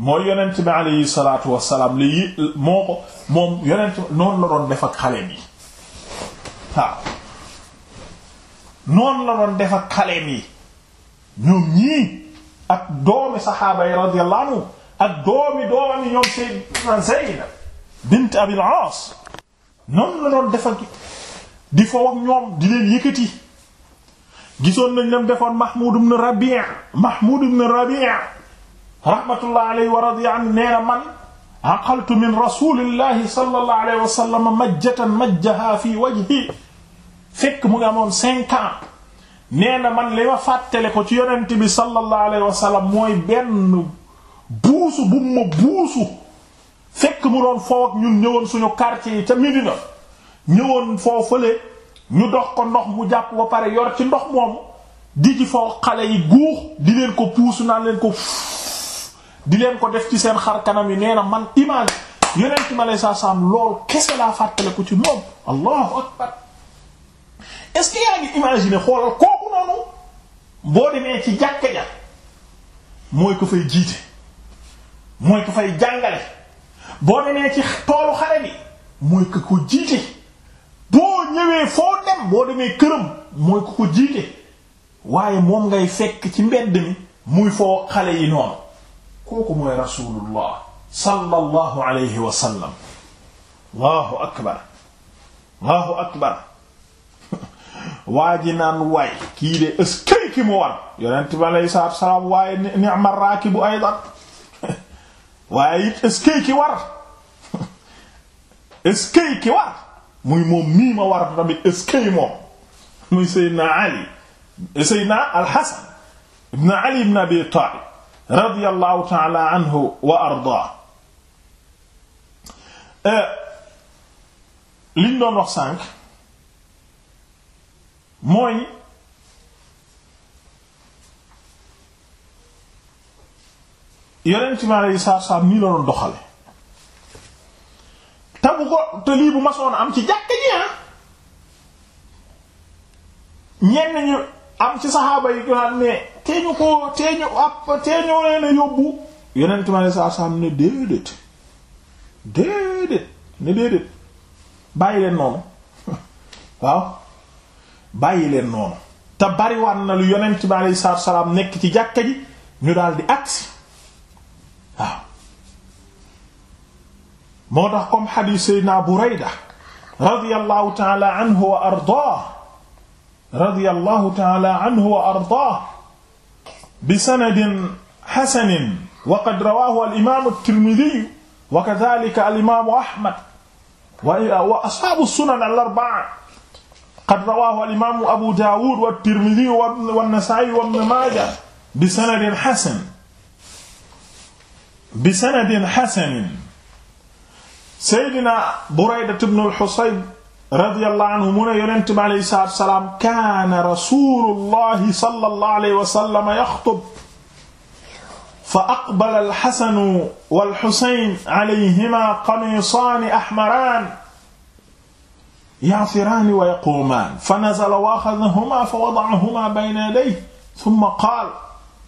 mooy yonent bi alayhi salaatu wassalaam la yi moo ko moom yonent noonu la doon def ak xaleem yi waaw noonu la doon def ak xaleem yi ñoom ñii ak doomi saxaaba yi radiyallahu anhu ak doomi doomi ñoom sayyidina Zaynab bint Abil Aas noonu la doon def ak di fo ak ñoom di leen yëkkati gisoon nañ lam defoon Mahmoud ibn Rabi' Mahmoud ibn Rabi' rahmatullah alayhi wa radiya an nee na man aqaltu min rasulillahi sallallahu alayhi wa sallam majjatan majjaha fi wajhi fekk mu ngi amoon cinq ans nee na man li ma fàttale ko ci yonent bi sallallahu alayhi wa sallam mooy benn buusu bu buusu fekk mu doon foo ak ñun ñëwoon suñu quartier yi ca Médina ñëwoon foo fële ñu dox ko ndox mu jàpp wa pare yor ci ndox moomu di ci foo xale yi guux di leen ko puusu naan leen ko di leen ko def ci seen xar kanam yi nee na man image yonent mi aleyhi salaatu salaam loolu kese laa fàttaliku ci moom allahu akbar est-ce que yaa ngi imaginer xoolal kooku noonu boo demee ci jàkka ja mooy ko fay jiite mooy ko fay jàngale boo demee ci toolu xare bi mooy ko ko jiite boo ñëwee foo dem boo demee këram mooy ko ko jiite waaye moom ngay fekk ci mbedd mi muy foo xale yi noonu kooku mooy rasulullah sallallahu alayhi wa sallam allahu akbar allahu akbar waa ji naan waay kii de ëskay ki mu war yonent bi alayhi salaatu wasalaam waaye ni'ma raakibu aydan waaye it ëskay ki war ëskay ki war muy moom mii ma war tamit ëskay moom muy Seydina Ali Seydina Al Hasan ibn Ali ibn Abi Talib radiyallahu taala anhu wa ardaa eh, liñ doon wax sànq mooy yonent mi alayhi salaatu salaam nii la doxale te bu ko lii bu masoon am ci jàkk ñi ah ñenn ñu am ci saxaaba yi gannaaw ko tee ñu ab tee ñoo a yóbbu yonent ma ne saa saam ne déedéet déedéet leen noonu waaw bàyyi noonu te bari na lu yonent bi aleyhi salaatu salaam nekk ci jàkka ji ñu daal di agsi moo tax comme xadiis Seydina Burayda radiyallahu ta'ala anhu wa ardaa radiyallahu ta'ala anhu wa ardaahu bi sanadin hasanin wa qad rawaahu al-imaam at-Tirmidhi wa kadhaalika al-imaam Ahmad wa ashaabu sunan al-arba'a qad rawaahu al-imaam Abu Daawud wa at-Tirmidhi wa an-Nasaa'i wa ibn Maajah bi sanadin hasan bi sanadin hasanin sayyidina Burayda ibn al-Husayb radiyallahu anhu mu ne yonent bi alayhi salaatu wasalaam kaana rasuulullahi sallallahu alayhi wa sallam yaxtub fa aqbala alxasanu walxusayn alayhima qamiisaani ahmaraan ya'siraani wa yaquumaan fa nazala wa axadahumaa fa wada'ahumaa bayna yadayhi summa qaala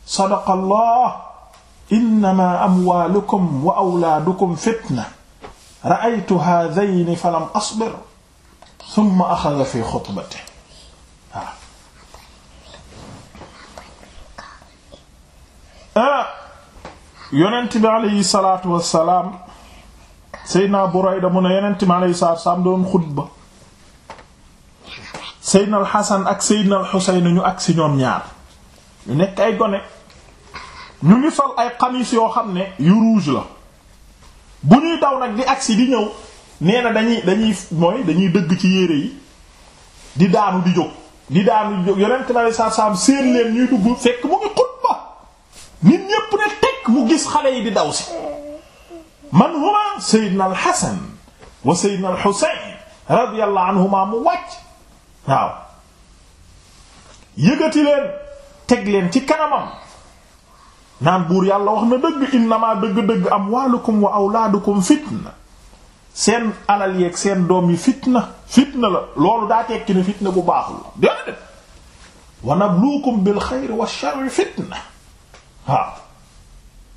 sadaqa allah innamaa amwaalukum wa awlaadukum fitna ra'aytu haadayni falam asbir summa axada fi xutbati waaw ah. ah. yonent bi aleyhi salaatu wassalaam seydna Burayda mu ne yonent bi aleyhi salaatu doon xutba seydna alxasan ak seydna alxuseyn ñu ak ñoom ñaar ñu nekk ay gone ñu ngi sol ay xamis yoo xam ne yu rouge la bu ñuy daw nag di agsi di ñëw nee na dañuy dañuy dañuy dëgg ci yére yi di daanu di jóg di daanu di jóg yonent na le saam seen leen ñuy dugg fekk mu ngi xutba nit ñépp ne teg mu gis xale yi di daw si man huma Seydina al Hasan wa Seydina al Husayn radiyallahu anhuma mu wàcc waaw yëgati leen teg ci kanamam naan buur yàlla wax na dëgg innamaa dëgg-dëgg amwaalukum wa awlaadukum fitna seen alal yeeg seen doom yi fitna fitna la loolu daa tekki ne fitna bu baaxul la déedéet wa nabluukum bil xayri wa sharri fitna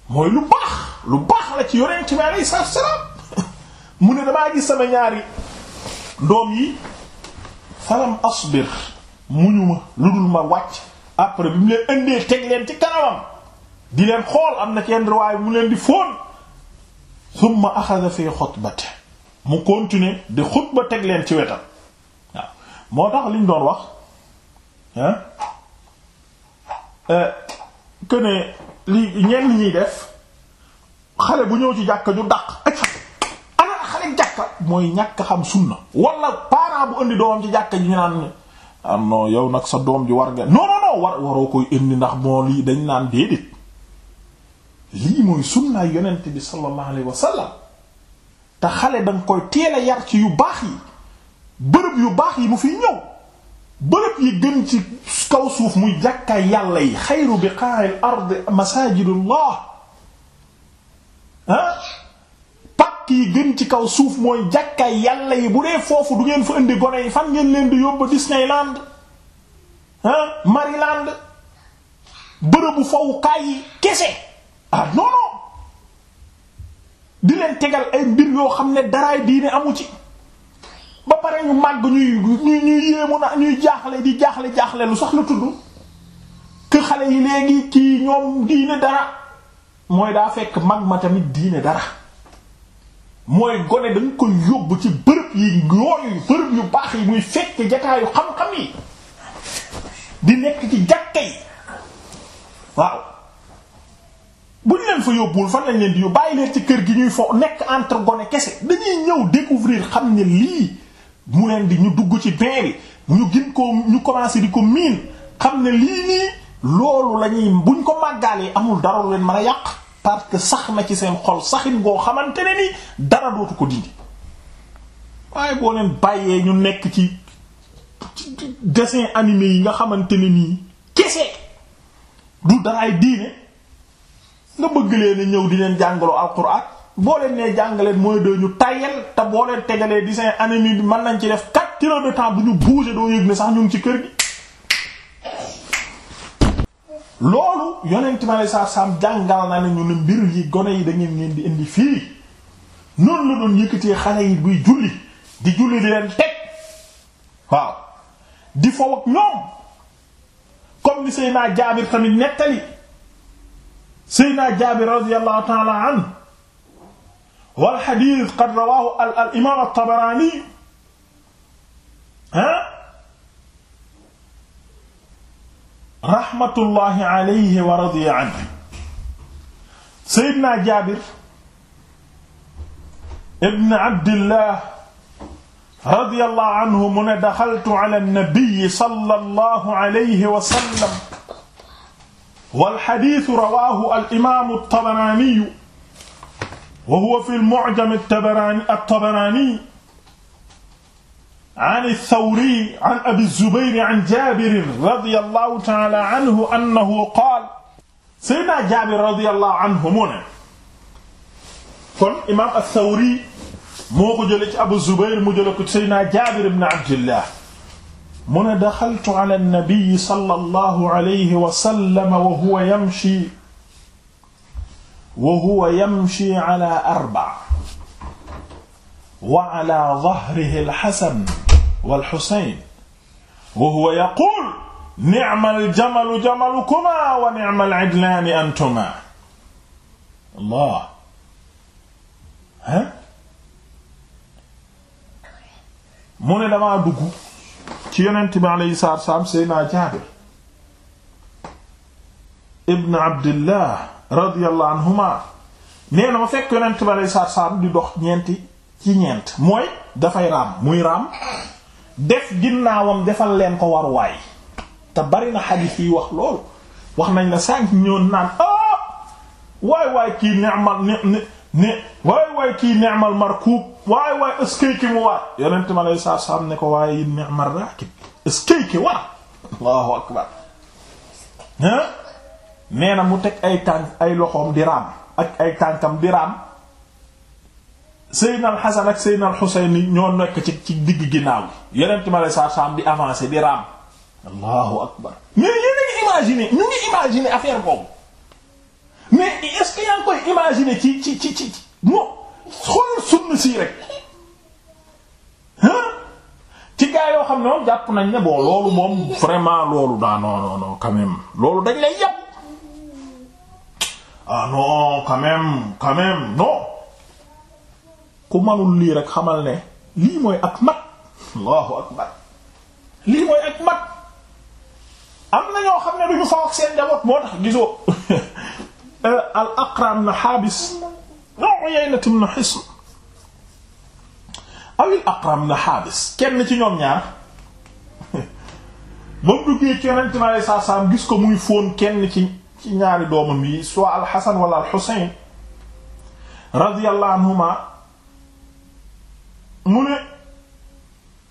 mooy lu baax lu baax la ci yonent bi alayhi salaatu wa mu ne damaa gis sama ñaari doom yi falam asbir muñu ma lu dul ma wàcc après bi mu leen indee teg leen ci kanamam di leen xool am na ci yenn mu leen di fóon thumma axada fi xutbatihi mu continuer di ba teg leen ci wetam waaw moo tax liñ doon wax hein euh, que ne li ñenn ñiy def xale bu ñëw ci jàkka ju dàq ana xale jàkka mooy ñàkk xam sunna walla parent bu indi doomam ci jàkka ji ñu naan am ah non yow nag sa doom ji war nga non non non war waroo koy indi ndax moo lii dañ naan déedéet lii mooy sunnaay yonent bi sallallahu alayhi wa xale danga koy teel a yar ci yu baax yi bërëb yu baax yi mu fi ñëw bërëb yi gën ci kaw suuf muy jàkkaay yàlla yi xayru biqa'il ard masajidullah ah? ci kaw suuf mooy jàkkaay yàlla yi bu dee foofu du ngeen fa indi gone yi fan ngeen leen di yóbbu Disneyland ah Maryland bërëbu fawukaay yi kese ah di leen tegal ay mbir yoo xam ne daraay diine amu ci ba pare ñu màgg ñuy ñuy ñuy yéemu na ñuy jaaxle di jaaxle jaaxle lu sax la tudd que xale yi léegi kii ñoom diine dara mooy daa fekk mag ma tamit diine dara mooy gone dañ ko yóbbu ci bërëb yi yooyu bërëb yu baax yi muy fekk jataayu xam-xam yi di nekk ci jàkke yi waaw buñ leen fa yóbbuwul fan lañ leen di yu bàyyi leen ci kër gi ñuy fo nekk entre gone kese dañuy ñëw découvrir xam ne lii mu leen di ñu dugg ci bain bi ñu gin ko ñu commencé di ko miin xam ne lii nii loolu la buñ ko màggaalee amul dara leen mën a yàq parce que sax na ci seen xol saxin ngoo xamante ne ni dara dootu ko dindi waaye boo leen bàyyee ñu nekk ci dessin animé yi nga xamante ne nii kese du daraay diine nga bëgg leen ñëw di leen jàngaloo alquran boo leen nee jàngaleen mooy de ñu tayal te boo leen tegalee dessin animé bi mën nañ ci def quatre heures de temps bu ñu bouger doo yëg ne sax ñu ngi ci kër gi. loolu yonent ma ne saa saam jàngal na ne ñu ne mbir yi gone yi da ngeen di indi fii noonu la doon yëkkatee xale yi buy julli di julli di leen teg waaw di fow ak ñoom comme ni Seydina Jaabir tamit nettali. Seydina Jaabir radiyallahu ta'ala anhu wal hadiis qad rawaahu al al imaam at-Tabaraani ah. rahmatullahi alayhi wa radiya anhu Seydina Jaabir ibn Abdillah radiyallahu anhu mu ne daxaltu ala an-nabi sallallahu alayhi wa sallam wal xadiisu rawaahu al imaamu Tabaraani wa huwa fil mu'jam Tabaraani at-Tabaraani an ath-Thawri an Abi Zubayr an Jaabir radiyallahu ta'aala anhu annahu qaala Seydina Jaabir radiyallahu anhu mu ne kon imaam ath-Thawri moo ko jëlee ci Abu Zubayr mu jëlee ko Seydina Jaabir ibn Abdillah mu ne daxaltu ala nabiyi sallallahu alayhi wa sallam wa huwa yamshi wa huwa yamshi ala arba wa ala dahrihi alxasan walxusayn wa huwa yaquul nicma aljamalu jamalukuma wa nicma alcidlaani antuma allah ha mu ne damaa dugg ci yonent bi aleyhi salaatu wasalaam seydna Jaabir ibn Abdillah radiyallahu anhuma nee ma fekk yonent bi aleyhi salaatu wasalaam di dox ñeenti ci ñeent mooy dafay raam muy raam def ginnaawam defal leen ko war waay te bari na xadiis yi wax loolu wax nañ la sànq ñoon naan ah waay waay kii ni'mal ni ni waay waay kii ni'mal markuub waaye waaye ëskay ki mu war yonent ma lay saam ne ko waaye yi ni'mar raakib ëskay ki war allahu akbar nee na mu teg ay tànk ay loxoom di ak ay tànkam di raam Seydina Al-Hasan ak Seydina Al-Husayn ci ci digg ginnaaw gi yonent ma lay saa saam di avancer di raam allahu akbar mais yéen a ngi imaginer ñu ngi imaginer affaire boobu mais est-ce que koy imaginer ci ci ci ci moom xoolal sunna sii rek gaa yoo xam ne moom jàpp nañ ne bon loolu moom vraiment loolu daa non non non loolu dañ lay yàpp ah non quand même ku manul lii rek xamal ne lii mooy ak mat allahu akbar lii mooy ak mat am ak moo tax gisoo euh, al aqram na xaabis non tim ibn Hisn awil Aqram na Haabis kenn ci ñoom ñaar ba mu duggee ci Yonent mi alayhi salaatu gis ko muy fóon kenn ci ci ñaari doomam yi soit al-Hasan wala al-Husayn radiyallahu anhuma mu ne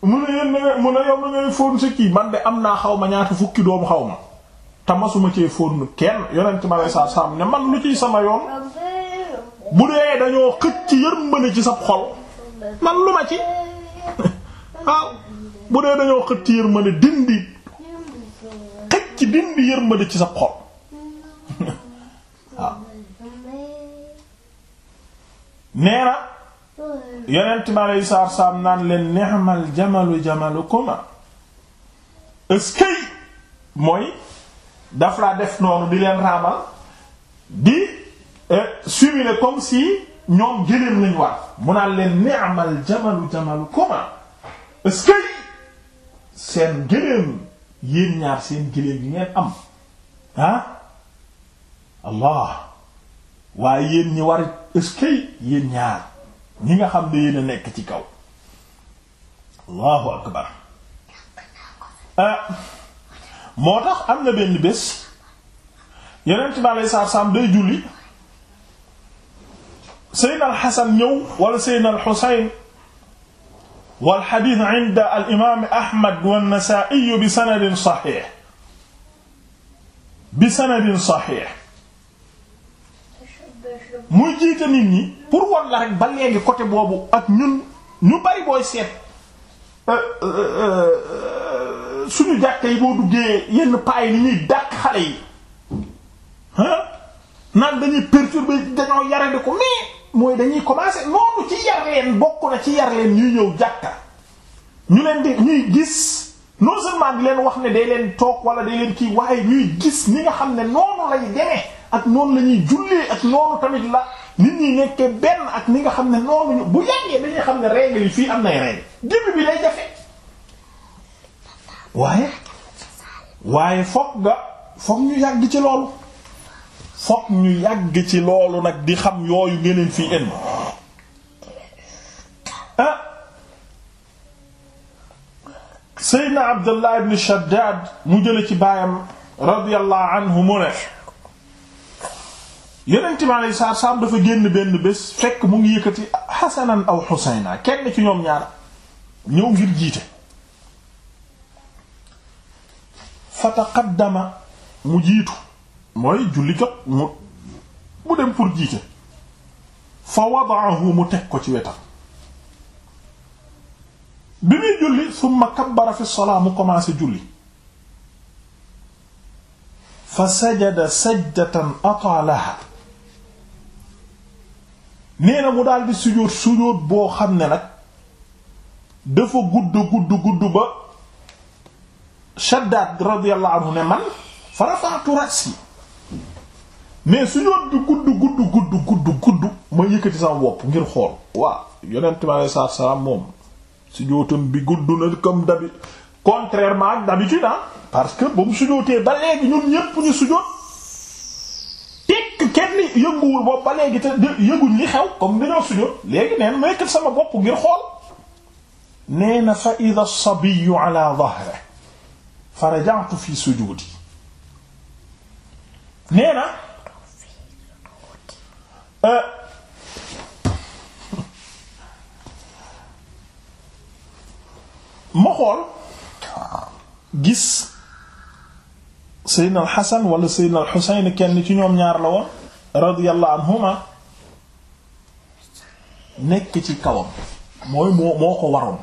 mu ne yéen ngay fóon sa kii man de am naa xaw ma ñaata fukki doomu xaw ma te masuma cee fóon kenn Yonent mi alayhi salaatu salaam ne man lu ciy sama yoon bu dee dañoo xëcc yërmande ci sab xol man lu ma ci bu dee dañoo xëcc yërmande dindi xëcc dindi yërmande ci sab xol waaw nee na yonent mi aleyhi naan leen ni'mal jamalu jamalukuma eskay mooy daf laa def noonu di leen raamal di subi ne comme si ñoom gëléem lañ war mu naan leen ni'mal jamalu jamalu kuma est que seen gëléem yéen ñaar seen gëléem yi ngeen am ah allah waaye yéen ñi war est-ce ñaar ñi nga xam ne yéen nekk ci kaw allahu akbar eh, moo tax am na benn bés yeneen ci ma lay saar saam day julli seydna alxasan ñëw wala seydna alxusayn walxadit inda alimaami ahmad wannasaiyu bi sanadin saxix bi sanadin saxix muy jiite nit ñi pour wan la rek ba léegi côté boobu ak ñun ñu bari booy seet euh, euh, euh, suñu jàkka yi boo duggee yenn paay ni ñuy dàq xale yi ah naan dañuy perturber dañoo yare di ko mais mooy dañuy commencer noonu ci yar leen bokk na ci yar ñuy ñëw jàkka ñu leen di ñuy gis non seulement di leen wax ne day leen toog wala day leen kii waaye ñuy gis ni nga xam ne noonu lay demee ak noonu la ñuy jullee ak noonu tamit la nit ñi nekkee benn ak ni nga xam ne noonu ñu bu yàggee dañuy xam ne règle yi fii am nay règle début bi lay jafe waaye waaye foog nga foog ñu yàgg ci loolu. fokk ñu yàgg ci loolu nag di xam yooyu ngeen fi indi ah Seydina Abdullah ibn Shaddad mu jële ci baayam radiyallahu anhu mu ne yeneen timaale yi saa saam dafa génn benn bés fekk mu ngi yëkkati Hasanan aw Husayna kenn ci ñoom ñaar ñëw ngir jiite. Fataqaddama mu jiitu. mooy julli jot mu mu dem pour jiite fa wadaahu mu teg ko ci wetam bi muy julli summa kabbara fi salaa mu commencé julli fa sajada sajdatan ataalaha nee na mu daal di sujóot sujóot boo xam ne nag dafa gudd gudd gudd ba Shaddad radiyallahu anhu ne man fa rafa'tu ra'si mais sujóot bi gudd gudd gudd gudd gudd ma yëkkati sama bopp ngir xool waa yonent bi alei salaatu salaam moom sujóotam bi gudd na comme d'habitude contrairement ak d'habitude ah parce que ba mu sujóotee ba léegi ñun yëpp ñu sujóot tekk kenn yënguwul bopp ba léegi te yëguñ li xew comme léegi sama bopp ngir xool nee na fa ida sabiyu ala dahre fa raja'tu fi sujudi nee Euh. ma xool gis seydna al xasan wala seydna al xuseyn kenn ci ñoom ñaar la woon radiyallahu anhuma nekk ci kawam mooy moo moo ko waroon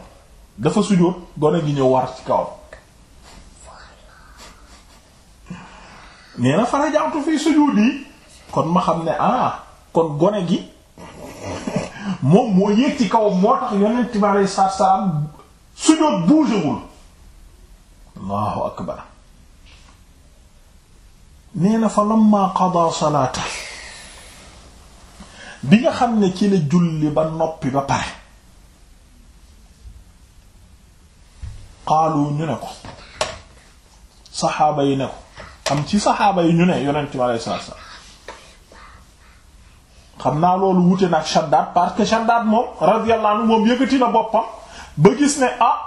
dafa sujjóot gone gi ñëw war ci kawam nee na farajaatu fi sujjóot yi kon ma xam ne ah kon gone gi moom moo yéeg ci kaw moo tax yonent bi aleyhi salaatu salaam suñu bougéwul allahu akbar nee na fa lamma qada salaata bi nga xam ne ci la julli ba noppi ba pare qaalu ñu ne ko saxaaba yi ne ko am ci saxaaba yi ñu ne yonent bi aleyhi salaatu salaam xam naa loolu wute nag Shaddad parce que Shaddad moom radiyallahu anhu moom yëkkati na boppam ba gis ne ah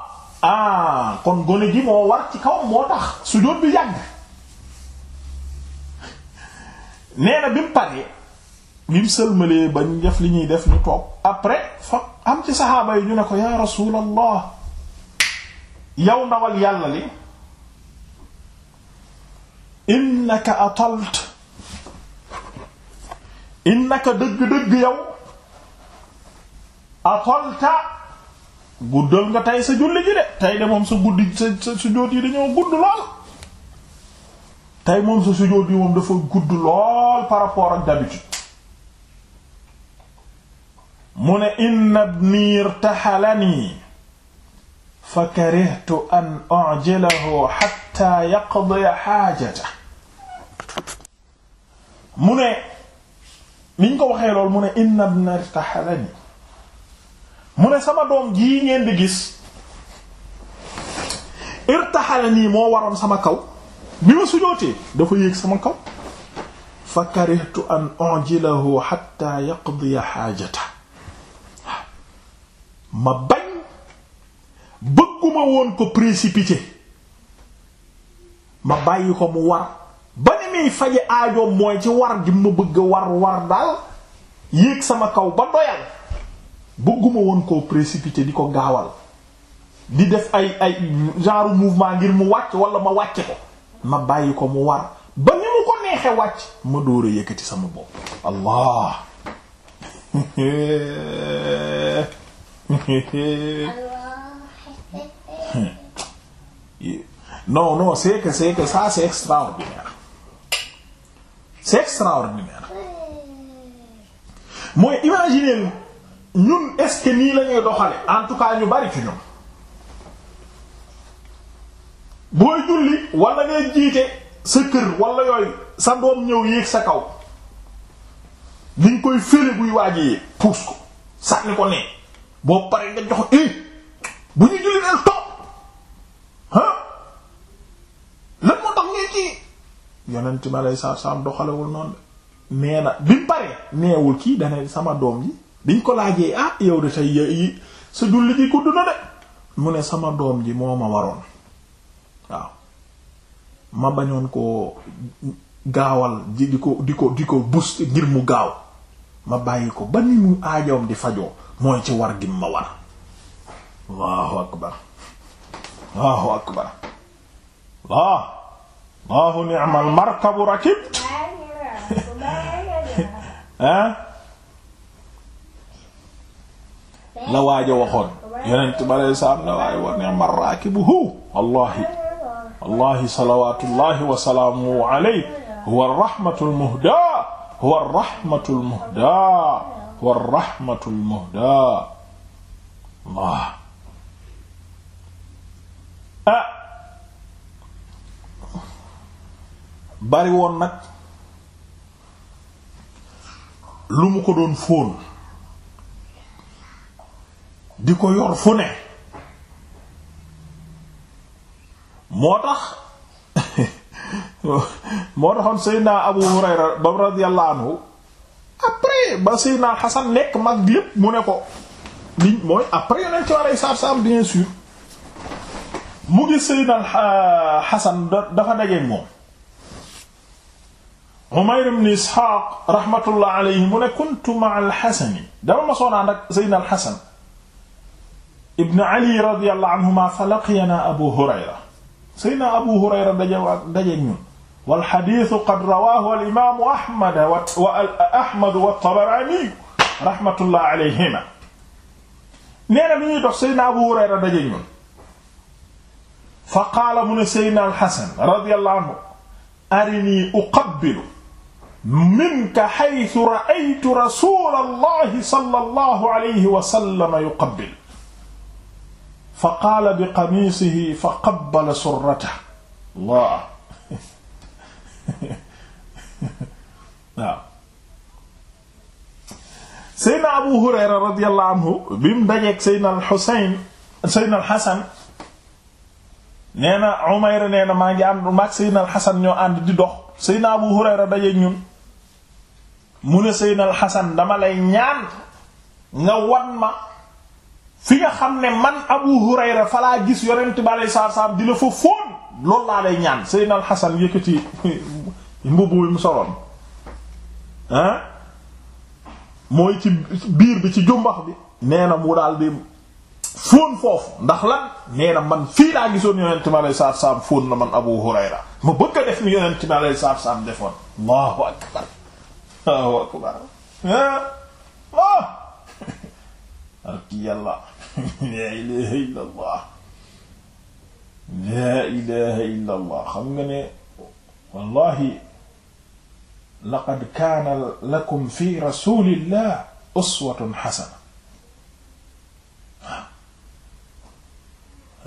ah kon gone gi moo war ci kawam moo tax sujjóot bi yàgg nee na bi mu paree bi mu sëlmalee bañ def li ñuy def ñu toog après fa am ci saxaaba yi ñu ne ko ya rasulallah yow ndawal yàlla li innaka atalt innaka dëgg-dëgg yow atolta guddal nga tey sa julli ji de tey de moom sa guddi sa sa sujjóot yi dañoo gudd lool tey moom sa sujjóot yi moom dafa gudd lool par rapport ak d'habitude mu ne inna ibni irtahalani fa karihtu an u'jilahu hatta yaqdiya haajatahu liñ ko waxee lool mu ne inna ibna irtahalani mu ne sama doom jii ngeen di gis irtahalani moo waroon sama kaw bi ma sujootee dafa yéeg sama kaw fa karihtu an onjilahu hatta yaqdiya xaajata ma bañ bëgguma woon ko précipité ma bàyyi ko mu war ba ni muy faje aajoom mooy ci war gi ma bëgg war war daal yéeg sama kaw ba doyal bëgguma woon koo précipité di ko gaawal di def ay ay genre mouvement ngir mu wàcc wala ma wàcce ko ma bàyyi ko mu war ba ni mu ko neexe wàcc ma dóor a ci sama bopp allah non non c'est que c'est que ça c'est c'est extraordinaire mooy imaginer ñun est nii la ñuy doxale en tout cas ñu bari ci ñun booy julli wala ngay jiite sa kër wala yooyu sa doom ñëw yéeg sa kaw li koy fële buy waajee puus ko sànni ko nee boo paree nga jox i eh, bu ñu julli del topp ah lan moo tax ngay kii yonent mi alay sa saam doxalewul noonu de nee na bi mu paree neewul kii dane sama doom ji biñ ko laajee ah yow de tey yi sa julli ji gudd na de mu ne sama doom ji moo ma waroon waaw ma bañoon koo gaawal ji di ko di ko mu gaaw ma bàyyi ko ba ni di fajoo mooy ci war gi waaw Allahu ni'mal markabu rakibt ah la waaj a waxoon yonent bi aleyhi salaam la waay wa ni'mal raakibuhu wallaahi wallaahi salawaatullaahi wa salaamuhu alayhi huwa ar-rahmatul muhdaa huwa ar-rahmatul muhdaa huwa ar-rahmatul muhdaa Allah ah, bari woon nag lu mu ko doon fóon di ko yor fu ne moo tax moo taxoon Seydina Abu Hurayra ba radiyallahu anhu après ba Seydina Xasan nekk mag bi mu ne ko li mooy après yoneen ci warey saab-saab bien sûr mu ngi Seydina Xasan dafa dajeek moom Umayr ibn Isxaaq rahmatullah alayhi mu ne kuntu ma'a al-Xasani dama ma soonaan ak Seydina al-Xasan ibn Ali radiyallahu anhuma falaqiyanaa Abu Hurayra Seydina Abu Hurayra daje daje ñun wal xadiisu qad rawaahu al-imaamu Ahmad wa Ahmad wa Tabaraani rahmatullah alayhima nee na bi ñuy dox Seydina Abu Hurayra daje ñun fa qaala mu ne Seydina al-Xasan radiyallahu anhu arinii uqabbilu minka haythu ra'aytu rasulallahi sallallahu alayhi wa sallam yuqabbil fa qaala bi qamiisihi fa qabbala surratahu Allah waaw Seydina Abu Hurayra radiyallahu anhu bi mu dajeek Seydina al-Husayn Seydina al-Hasan nee na Umayr nee na maa ngi ànd maag Seydina al-Hasan ñoo ànd di dox Seydina Abu Hurayra dajeek ñun mu ne Seydina Alxasan dama lay ñaan nga wan ma fi nga xam ne man Abu Hurayra falaa gis yonent bi alei saatu salaam di la fa fóon loolu laa lay ñaan Seydina Alxasan yëkkati mbubu mu soloon ah mooy ci biir bi ci jumbax bi nee na mu daal di fóon foofu ndax la nee na man fii laa gisoon yonent bi alei saatu salaam fóon na man Abu Hurayra ma bëgg a def ni yonent bi alei saatu salaam defoon Allahu akbar waaw akbar ah arki yàlla laa ilaha illa allah laa ilaha illa allah xam nga ne wallahi laqad kaana lakum fi rasulillah uswatun xasana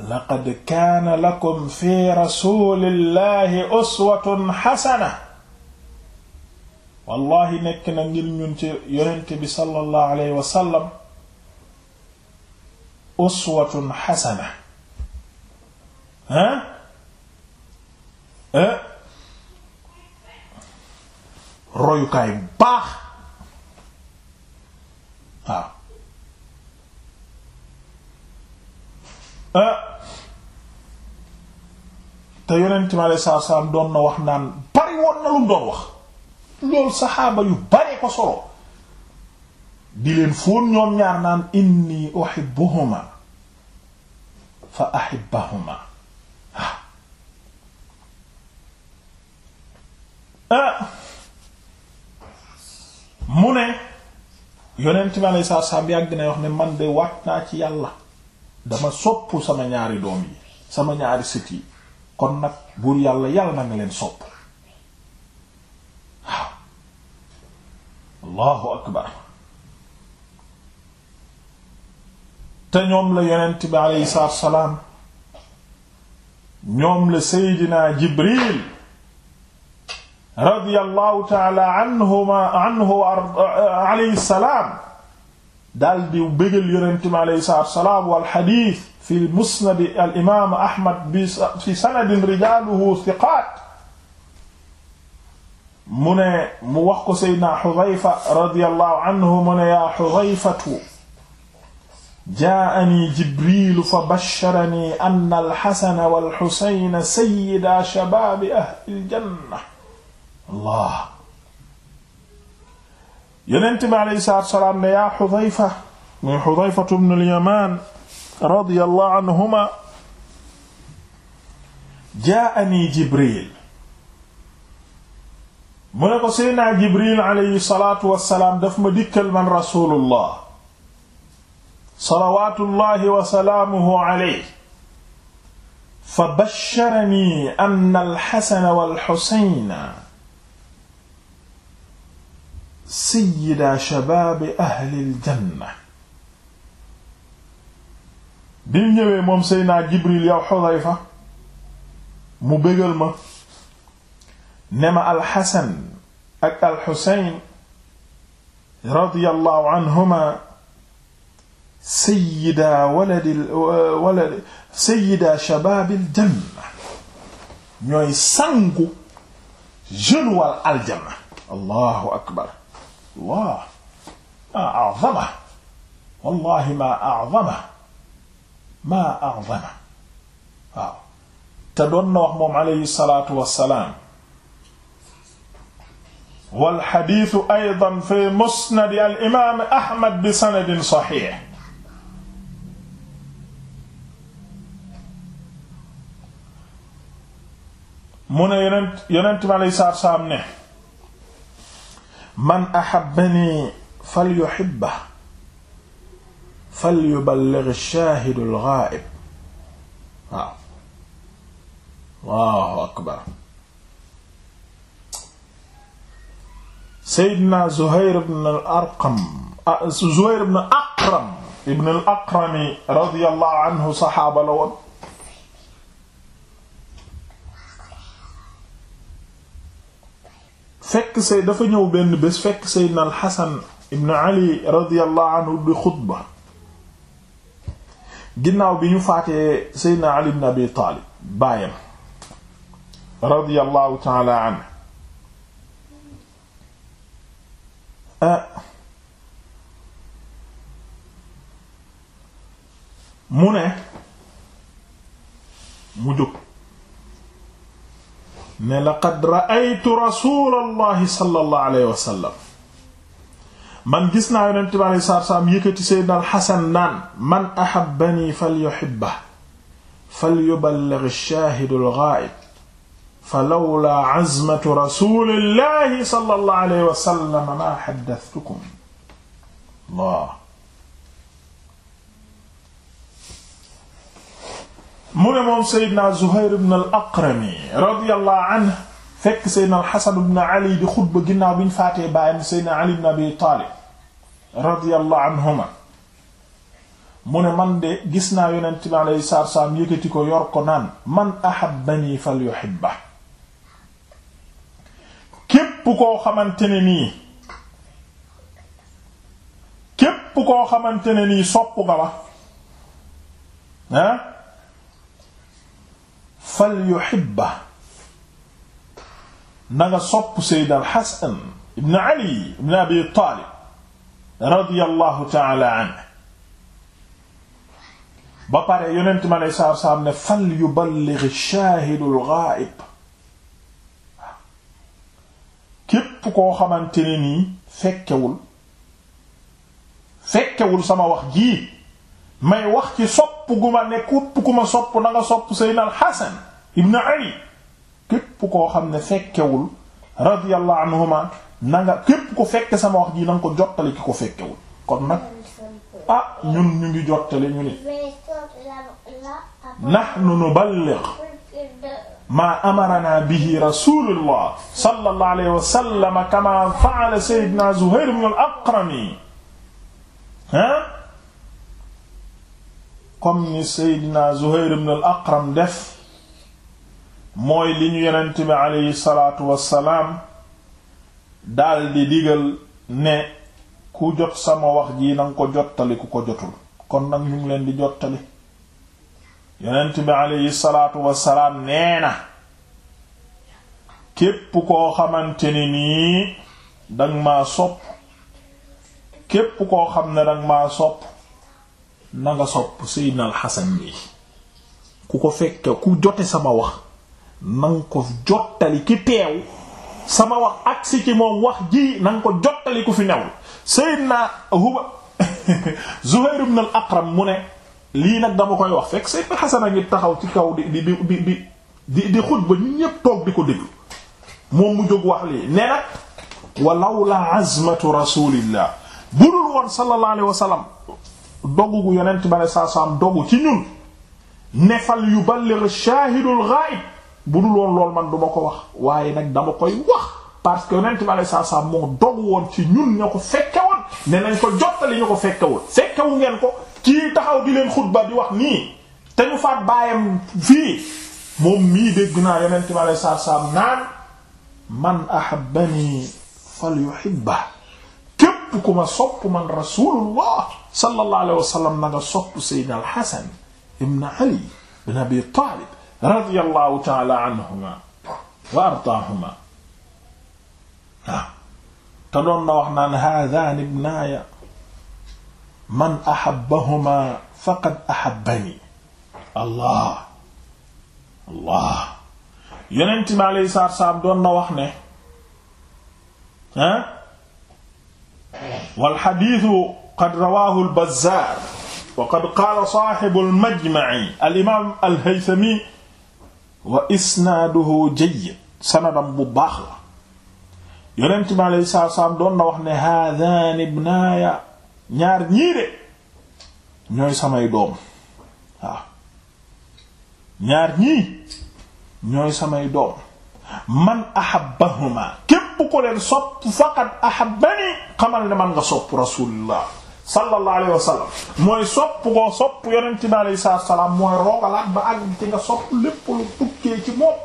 laqad kaana lakum fi rasulillahi uswatun xasana wallahi nekk na ngir ñun ci yonent bi sallallahu alayhi wa sallam uswatun xasana hein royukaay baax waaw te yonent mi alayhi salaatu salaam doon na wax naan bari woon na lu doon wax loolu saxaaba yu bare ko solo di leen fóon ñoom ñaar naan inni uhibbuhuma fa ahibbahuma ah. Ah. mu ne yonent mi alei saa salaam yàgg na wax ne man de waat naa ci yàlla dama sopp sama ñaari doom yi sama ñaari sët yi kon nag buur yàlla yàlla na nga leen sopp waaw allahu akbar te ñoom la yonent bi aleyhi salaatu salaam ñoom la seydina jibril radiyallahu taala anhuma anhu aleyhi salaam daal di bégal yonent bi aleyhi salaatu salaam wal xadiis fi musnad al imaam ahmad bi fi sanadin rijaaluhu siqaat mu ne mu wax ko seydna xudayfa radiyallahu anhu mu ne yaa xudayfatu jaa'anii jibriilu fa basharanii anna alxasana walxusayna sayidaa shabaabi ahlil janna allah yonent bi alayhi salaatu wa salaam ne yaa xudayfa muy xudayfatu bnu alyamaan radiyallahu anhuma jaa'anii jibriil mu ne ko seydinaa jibril aleyhi salaatu wassalaam daf ma dikkal man rasulullah salawaatullahi wa salaamuhu aleyhi fa basharani anna alxasana walxuseyna sayyida shabaabi ahlil janna bi ñëwee moom seydinaa jibril yow xudayfa mu bégal ma ne ma alxasan ak alxusayn radiyallahu anhuma sayida waladi waladi sayida shabaabil janna ñooy sangu jeune wal aljanna allahu akbar allah maa a'zama wallahi maa a'zama maa a'zama waaw te doon na wax moom alayhi salaatu wassalaam wal xadiisu aydan fi musnadi al imaam Ahmad bi sanadin saxiix. mu ne yonent yonent bi alayhi salaatu salaam ne man ahabbanii falyuhibba falyuballigh ash-shaahidu al-ghaa'ib waaw Allahu akbar. Seydina Zuhayr ibn al-Arqam ah, Zuhayr ibn Aqram ibn al-Aqrami radiyallahu anhu saxaaba la woon fekk say dafa ñëw benn bés fekk Seydina al-Hasan ibn Ali radiyallahu anhu di xutba ginnaaw bi ñu faatee Seydina Ali ibn Abi Taalib baayam radiyallahu ta'ala anhu Ah. mu ne mu jóg ne laqad ra'aytu rasulallahi sallallahu alayhi wa sallam man gis naa yonent bi alayhi salaatu salaam yëkkati sayyidina al-Hasan naan man ahabbani falyuhibbahu falyuballigh ash-shaahidu al-ghaa'ib fa lawlaa azmatu rasulillahi sallallahu alayhi wa sallam maa haddathtukum Allah mu ne moom Seydina Zuhayr ibn al-Aqrami radiyallahu anhu fekk Seydina al-Hasan ibn Ali di xutba ginnaaw bi ñu faatee baayam Seydina Ali ibn Abi Taalib radiyallahu anhuma mu ne man de gis naa Yonent bi alayhi salaatu wa salaam yëkkati ko yor ko naan man ahabbanii falyuhibbahu képp koo xamante ne nii képp koo xamante ne nii sopp nga wax ah fal yuhibba na nga sopp Seyd al Hasan ibn Ali ibn Abi Taalib radiyallahu ta'ala anhu ba pare yonent mi alayhi salaatu wa salaam ne fal yuballigh ash-shaahidul ghaa'ib képp koo xamante ne nii fekkewul fekkewul sama wax jii may wax ci sopp gu ma ne képp ku ma sopp na nga sopp seydna al Hasan ibn Ali képp koo xam ne fekkewul radiyallahu anhuma na nga képp ko fekke sama wax jii na ko jottali ki ko fekkewul kon nag ah ñun ñu ngi jottale ñu ne nahnu nuballigh ma amarana bihi rasulullah sallallahu alayhi wa sallam kama fa'ala sayyidina Zuhayr ibn al-Aqram ah ni sayyidina Zuhayr ibn al def mooy li ñu yonent bi alayhi salaatu wassalaam daldi digal ne ku jot sama wax ji nanga ko jottali ku ko jotul kon nag ñu leen di jottali yonent bi aleyhi salaatu wassalaam nee na képp koo xamante ne nii danga maa sopp képp koo xam ne danga maa sopp na nga sopp Seydina Al Xasan bi ku ko fekke ku jote sama wax nanga ko jottali ki teew sama wax agsi ci moom wax ji nanga ko jottali ku fi newul Seydina Huba Zuhayr ibn al mu ne lii nag dama koy wax fekk Seydina Xasan a ngi taxaw ci kaw di di di di di di xutba ñu ñépp toog di ko déglu moom mu jóg wax lii ne nag walawla azmatu rasulillah bu dul woon sallallahu alayhi wa sallam dogu ci yonent ba ne saa saam dogu ci ñun nefal yuballigh shahidul ghaib bu dul woon lool man duma ko wax waaye nag dama koy wax parce que yonent bi alayhi salaam moo dogu woon ci ñun ña ko fekke woon ne nañ ko jottali ñu ko fekkewul fekkewu ngeen ko kii taxaw di leen xutba di wax nii te ñu faat baayam fii moom mii dégg naa yonent bi aleyhi salaatu salaam naan man ahabbani falyuhibba képp ku ma sopp man rasulullah sallallahu alayhi wa sallam na nga sopp sayyidina al-Hasan ibn Ali ibn Abi Talib radiyallahu ta'ala anhuma wa ardaahuma ah. te doon na wax naan haadhaan ibnaaya man ahabbahuma faqad ahabbani allah allah yonent mi alayhi salaatu salaam doon na wax ne ah wal hadiisu qad rawaahu al-Bazzaar wa qad qaala saahibu al-Majma'i al-imaam al-Haythami wa isnaaduhu jayyid sanadam bu baax la yonent mi alayhi salaatu salaam doon na wax ne haadaani ibnaaya ñaar ñii ñooy samay doom ñaar ñii ñooy samay doom man ahabbahuma képp ko leen sopp faqad ahabbani xamal ne man nga sopp rasulullah sallallahu alayhi wa sallam mooy sopp koo sopp yonent bi alayhi salaam mooy roogalaat ba àgg ci nga sopp lépp lu tukkee ci moom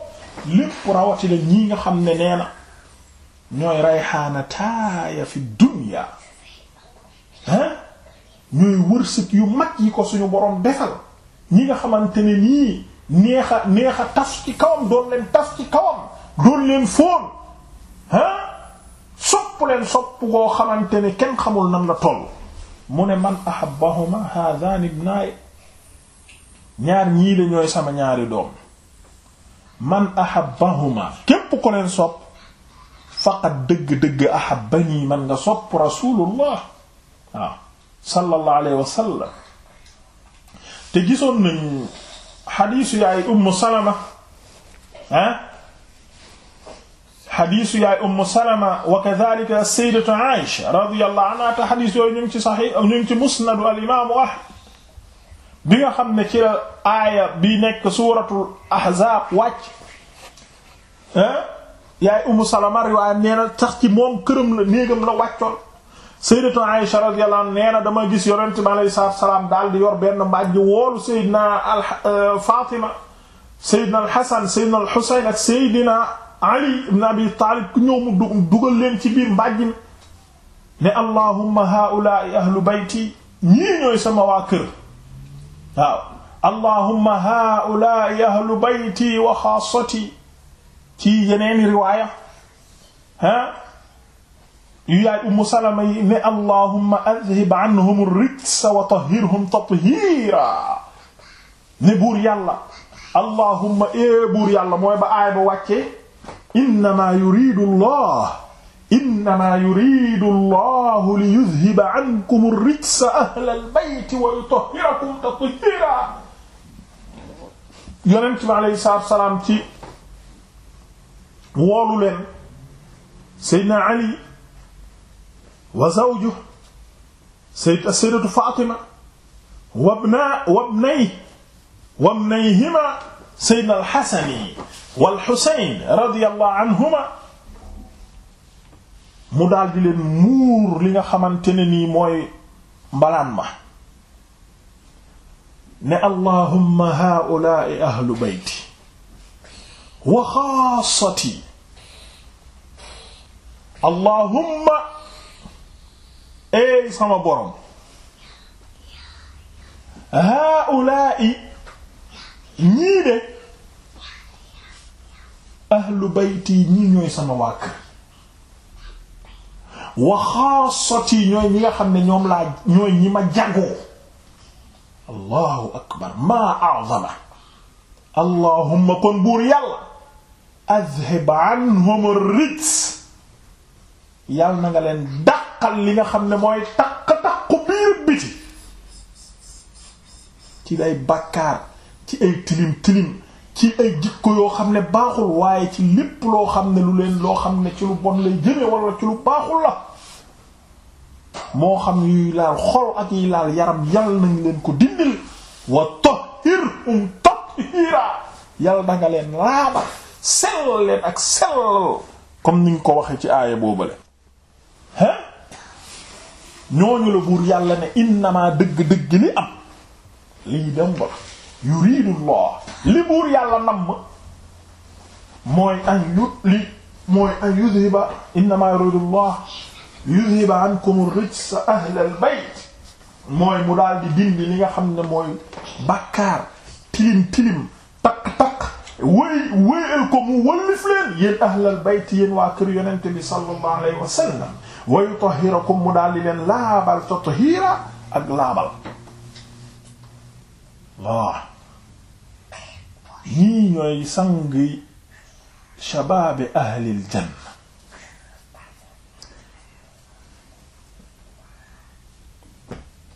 lépp rawatina ñii nga xam ne nee na ñooy rayhaana taaya fi dunya ah ñooy wërsëg yu mag yi ko suñu borom defal ñi nga xamante ne nii neex a neex a tas ci kawam doon leen tas ci kawam doon leen fóon ah sopp leen sopp koo xamante ne kenn xamul nan la toll mu ne man ahabbahuma haadaan ibnaay ñaar ñii la ñooy sama ñaari doom man ahabbahuma képp ko leen sopp faqat dëgg-dëgg ahabbani man nga sopp rasulullah waaw sallallahu alayhi wa sallam te gisoon nañ xadiisu yaay ummu salama ah xadiisu yaay ummu salama wa kadhalika sayyidatu aisha radiyallahu anha te xadiis yooyu ñu ngi ci saxiix ñu ngi ci musnadu al imaamu ahmad bi nga xam ne ci la aaya bi nekk suuratul ahzaab wàcc eh, yaay ummu salama riwaayam nee na sax ci moom këram la néegam la wàccoon sayyidatu Aisha radiyallahu anha nee na dama gis yonent bi alayhi salaatu salaam daal di yor benn mbàjj woolu sayyidina al euh, Fatima sayyidina al Hasan sayyidina al Husayn ak sayyidina Ali ibn Abi Talib ku ñëw mu dugal leen ci biir mbàjj mi ne allahumma haa'ulaa'i ahlu bayti ñii ñooy sama waa kër waaw allahumma haa'ulaa'i ahlu bayti wa xaassati ci yeneen riwaaya ha yu yaay ummu salama yi ne allahumma adhib anhum ar-rijsa wa tahhirhum tathira ne buur yàlla allahumma ee eh, buur yàlla mooy ba aay ba wàccee innama yuridu allah innama yuridu allah li yudhiba ankum ar-rijsa ahla al-bayt wa yutahhirakum tathira yonent bi alayhi salaatu wa salaam ci woolu leen sayyidina ali wa zawju sayyidat sayyidatu Fatima wabna wabnay wabnayhima sayyidina al-Hasan wal-Husayn radiyallahu anhuma mu daal di leen muur li nga xamante ne nii mooy mbalaan ma ne allahumma haa'ulaa'i ahlu bayti wa xaassati allahumma eey sama borom haa'ulaa'i ñii de ahlu bayti ñii ñooy sama waa wa xaasati ñooy ñi nga xam ne ñoom laa ñooy ñi ma jagoo allahu akbar maa a'zama allahumma kon buur yàlla adhib anhum ar yàlla na nga leen da taqal li nga xam ne mooy taq taqu biir biti ci ay bàkkaar ci ay tilim tilim ci ay jikko yoo xam ne baaxul waaye ci lépp loo xam ne lu leen loo xam ne ci lu bon lay jëme wala ci lu baaxul la moo xam yuy laal xol ak yi laal yaram yal nañ leen ko dindil wa tahhirhum tatheera yal da nga leen laaba sellal leen ak sellal comme ni ko waxee ci aaya boobale hein ñooñu la buur yàlla ne innama dëgg-dëgg li am lii dem ba yuridullah li buur yàlla namm mooy an yut li mooy an yudhiba innama yuridullah yudhiba ankum ar-rijsa ahlal bayt mooy mu daal di dindi li nga xam ne mooy bakkaar tilim tilim takk-takk wéy wéyal ko mu wëllif leen yéen ahlal bayt yéen waa kër yonente bi sallallahu alayhi wa sallam wa yutahhirakum mu daal di leen laabal tathiira ak laabal waaw ñii ñooy sangi shabaabi ahlil janna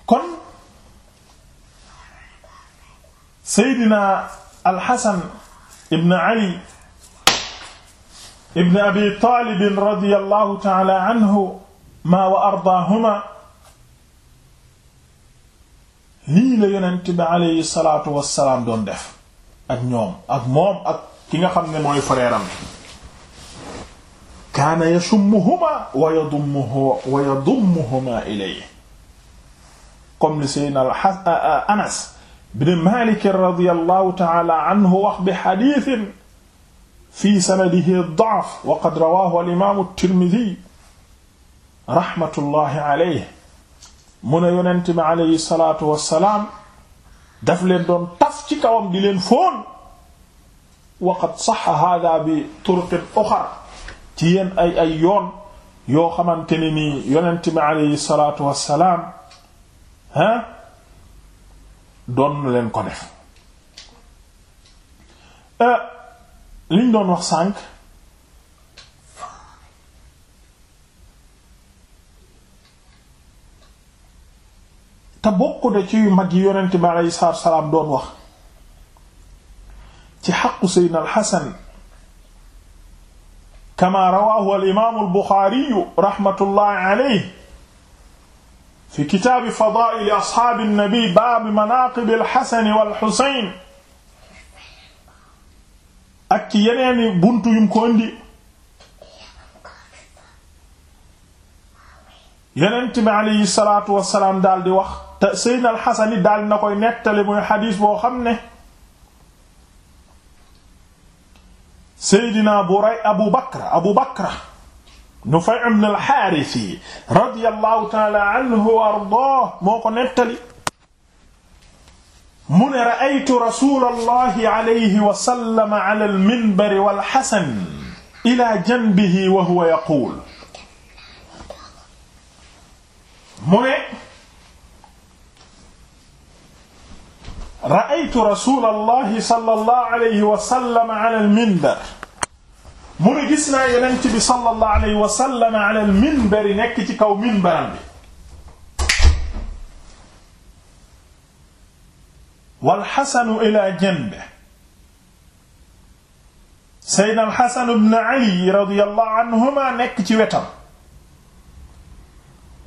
kon seydina alxasan ibn ali ibn abi taalib radiyallahu ta'ala anhumaa wa ardaahumaa lii la yonent bi aleyhi salaatu wassalaam doon def ak ñoom ak moom ak ki nga xam ne mooy frère am kaana yashumuhuma wa yadumuhu wa yadumuhuma ilayhi comme li seydna anas bin malik radiyallahu ta'ala anhu wax bi hadiisin fi sanadihi daaf wa qad rawaahu alimaamu tirmidi rahmatullahi alayhi mu ne yonent bi alayhi salaatu wassalaam daf leen doon taf ci kawam di leen foon wa qad saxa hada bi turuqin uxar ci yéen ay ay yoon yoo xamante ne nii yonent bi alayhi salaatu wassalaam ah doon leen ko def eh, liñ doon wax sànq te bokk de ci yu mag yi yonent bi aleyhi salaatu salaam doon wax ci xaqu seydna alxasan kama rawaahu alimaamu albuxaariyu raxmatullahi aleyhi fi kitaabi fadaa'ili asxaabi nnabi baabi manaaqibi alxasani walxusayn ak ci yeneeni buntu yum ko indi yonent bi aleyhi salaatu wasalaam daal di wax te seydna alxasani daal na koy nettali muy xadiis boo xam ne seydina buray abu bakra abu bakra nufay ibn alxaarisi radiyallahu taala anhu wa ardaah moo ko nettali mu ne ra'aytu rasulallahi alayhi wa sallam ala al-minbari wal Hasan ila janbihi wa huwa yaqul mu ne ra'aytu rasulallahi sallallahu alayhi wa sallam ala al-minbar mu ne gis naa yonent bi sallallahu alayhi wa sallam ala al-minbari nekk ci kaw minbaram bi wal xasanu ila janbe seydna al xasan ibn ali radiyallahu anhuma nekk ci wetam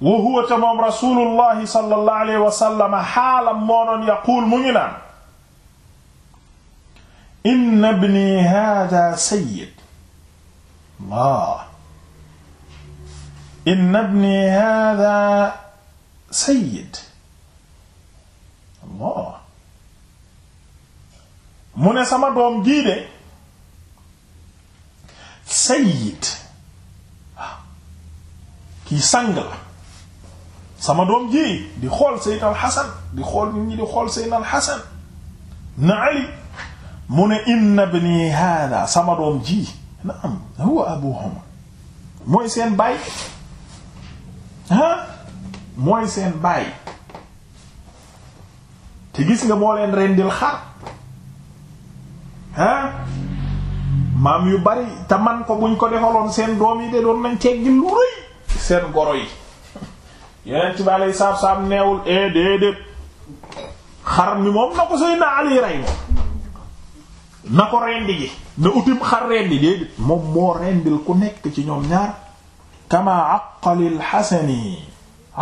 wa huwa te moom rasulullahi sallallahu alayhi wa sallam xaalam moo doon yaquul mu ngi naan inna ibni hada sayyid Allah inna ibni hada sayyid Allah mu ne sama doom jii de sayyid waaw kii sang la sama doom ji di xool sayyid al di xool nit ñi di xool sayyid al-Hasan na Ali mu ne inna ibni hada sama doom ji naam huwa abuhuma mooy seen baay ah mooy seen baay te gis nga moo leen rendil xar ah maam yu bari te man ko buñ ko defaloon seen doom yi de doon nañ teggil lu rëy seen goro yi yeneen ci bàyyi saab saab neewul eh déedéet xar mi moom na ko Seydina Ali rey moom na ko rendi gi na utim xar rendi déedéet moom moo rendil ku nekk ci ñoom ñaar kama àqalil xasani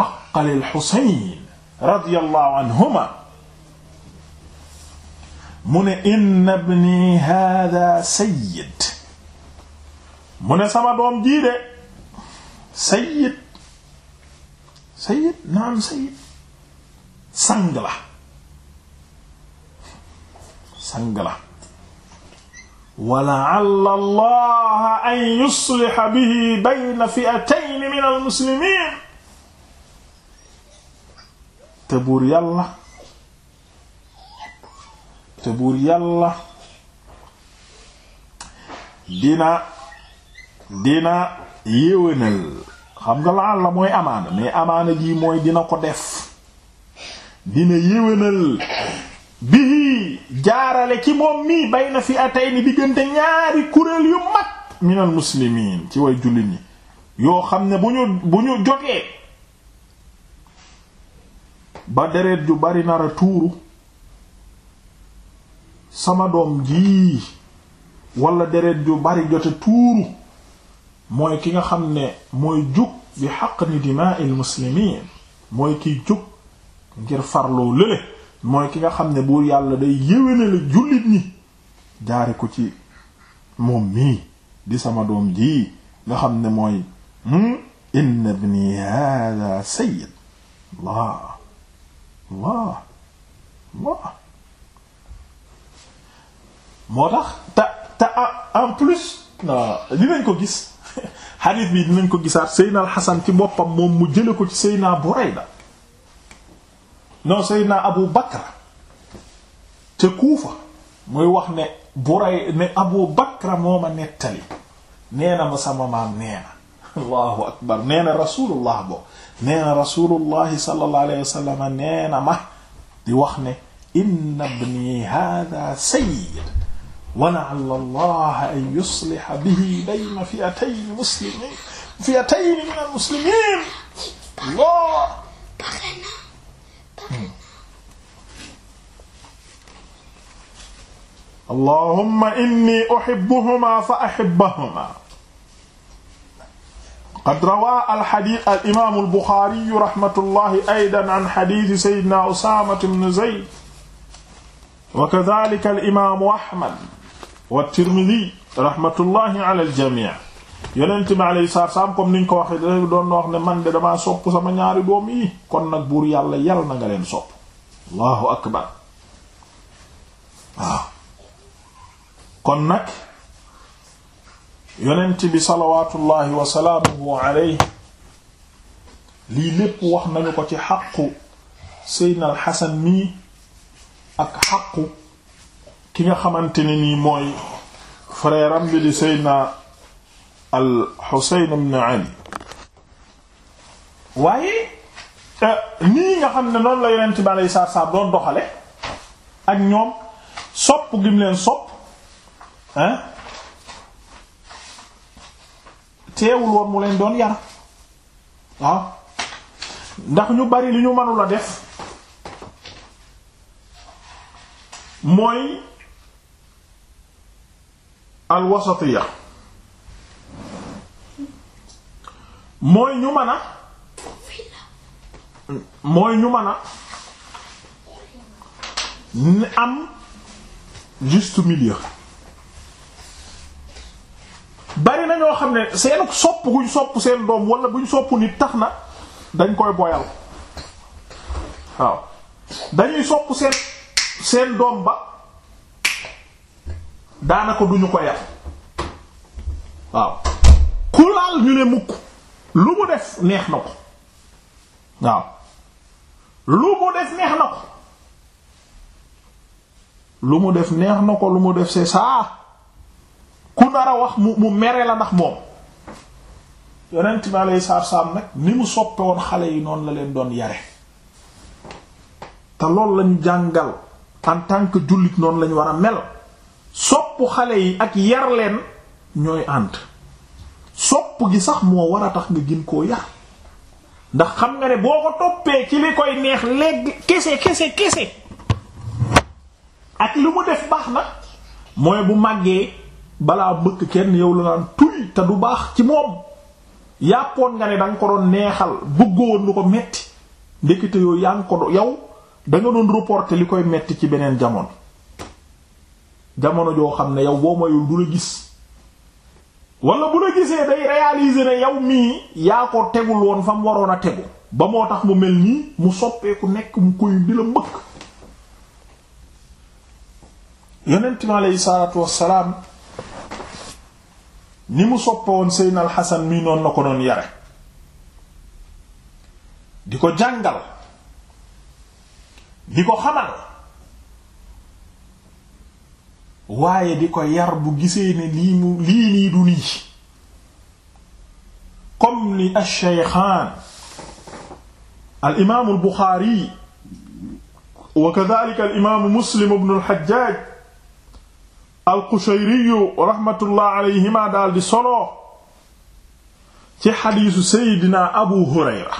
àqalil xuseyn radiyallahu anhuma mu ne inna ibni hada sayyid mu ne sama doom jii de sayyid sayyid naam sayyid sang la sang la wa la'alla allah an yusliha bihi bayna fi'atayn min al-muslimin te buur yàlla te buur yàlla dina dina yéwénal xam nga la la mooy amaana mais amaana jii mooy dina ko def dina yéwénal bii jaarale ci moom mii bay na fi atay ni diggante ñaari kuréel yu mag minal muslimiin ci way jullit ñi yoo xam ne bu ñu bu ñu jotee ba deret ju bari nara tuuru sama doom jii wala deret ju bari jote tuuru mooy ki nga xam ne mooy jug bi xaq ni dimaa'il muslimiin mooy kiy jug ngir farloo lële mooy ki nga xam ne buur yàlla day yéwéne la jullit ñi jaare ko ci moom mii di sama doom jii nga xam ne mooy hmm, inna ibni hada sayyid Allah Allah Allah moo tax te te en plus dinañ ko gis xadiis bi dinañ ko gisaat Seydina Alxasan ci boppam moom mu jële ko ci Seydina Burayda non Seydina Abu Bakr te Kuufa mooy wax ne Buray ne Abu Bakr moo ma nettali nee na ma sama maam nee allahu akbar nee na rasulullah bo nee na rasulullahi sallallahu na ma di wax ne wa la'alla allaha an yusliha bihi bayna fi'atayni muslimin fi'atayni min al-muslimin Allah allahumma inni uhibbuhuma fa ahibbahuma qad rawaa al-hadiith al-imaam al-Buxaari rahmatullahi aydan an hadiith sayyidinaa Usaama ibn Zayd wa kadhaalika al-imaam Ahmad wa Tirmidhi rahmatullahi ala al-jami' yonent bi salaam comme niñ ko waxee dafa doon wax ne man de damaa sopp sama ñaari doom yi kon nag buur yàlla yal na nga leen sopp allahu akbar kon nag yonent bi salawaatullahi wa salaamuhu alayhi lii lépp wax nañu ko ci xaqu Seydina al Hasan mii ak xaqu ki nga xamante ne nii mooy frère am bi di Seydina al Xuseyn ibn Ali waaye eh, nii nga xam ne noonu la yonent bi aleyhi salaatu salaam doon doxale ak ñoom sopp gim leen sopp hein eh, teewul woon mu leen doon yar ndax ñu bari li ñu mënula def mooy alwasatiya mooy ñu mën a mooy ñu mën a ni am juste milieu bari na ñoo xam ne seen sopp guñ sopp seen doom wala buñ sopp nit tax na dañ koy boyal waaw dañuy sopp seen seen doom ba daanaka duñu ko yar waaw ku laal ñu ne mukk lu mu def neex na ko waaw lu mu def neex na ko lu mu def neex na ko lu mu def c'est saa ku nar a wax mu mu mere la ndax moom yonent bi aleyhi salaatu salaam nag ni mu soppe xale yi noonu la leen doon yare te loolu lañu jàngal en tant que jullit noonu lañu war a mel sopp xale yi ak yar leen ñooy ànd sopp gi sax moo war a tax nga gin koo yar ndax xam nga ne boo ko toppee ci li koy neex léegi kese kese kese ak lu mu def baax na mooy bu màggee balaa bëkk kenn yow la naan tuy te du baax ci moom yàppoon nga ne da nga ko doon neexal bëggoon lu ko metti ndekete yooyu yaa ngi ko yow da doon reporter li koy metti ci beneen jamono jamono joo xam ne yow boo mayul du la gis wala bu la gisee day réaliser ne yow mii yaa ko tegul woon fa mu waroon a tegu ba moo tax mu mel nii mu soppeeku nekk mu koy di la mbëkk yonent mi aleyhi salaatu wassalaam ni mu soppe woon seydna alxasan mii noonu na ko doon yare di ko jàngal di ko xamal waaye di ko yar bu gisee ne lii mu lii nii du nii comme ni ash-shaykhaan al imaamu al buxaari wa kadhalika al imaamu muslim ibn al hajjaj al qushayri rahmatullah alayhima daal di solo ci xadiisu saydina abu hurayra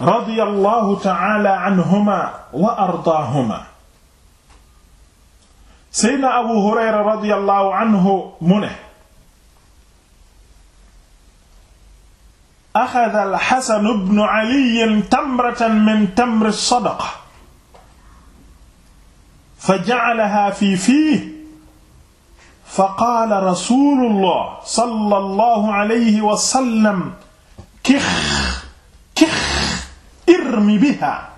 radiyallahu ta'ala anhuma wa ardaahuma seydna abu hurayra radiyallahu anhu mu ne axada alxasan bnu caliyin tamratan min tamri sadaqa fa jacalaha fi fiih fa qaala rasulullah sallallahu alayhi wa sallam kix kix irmi biha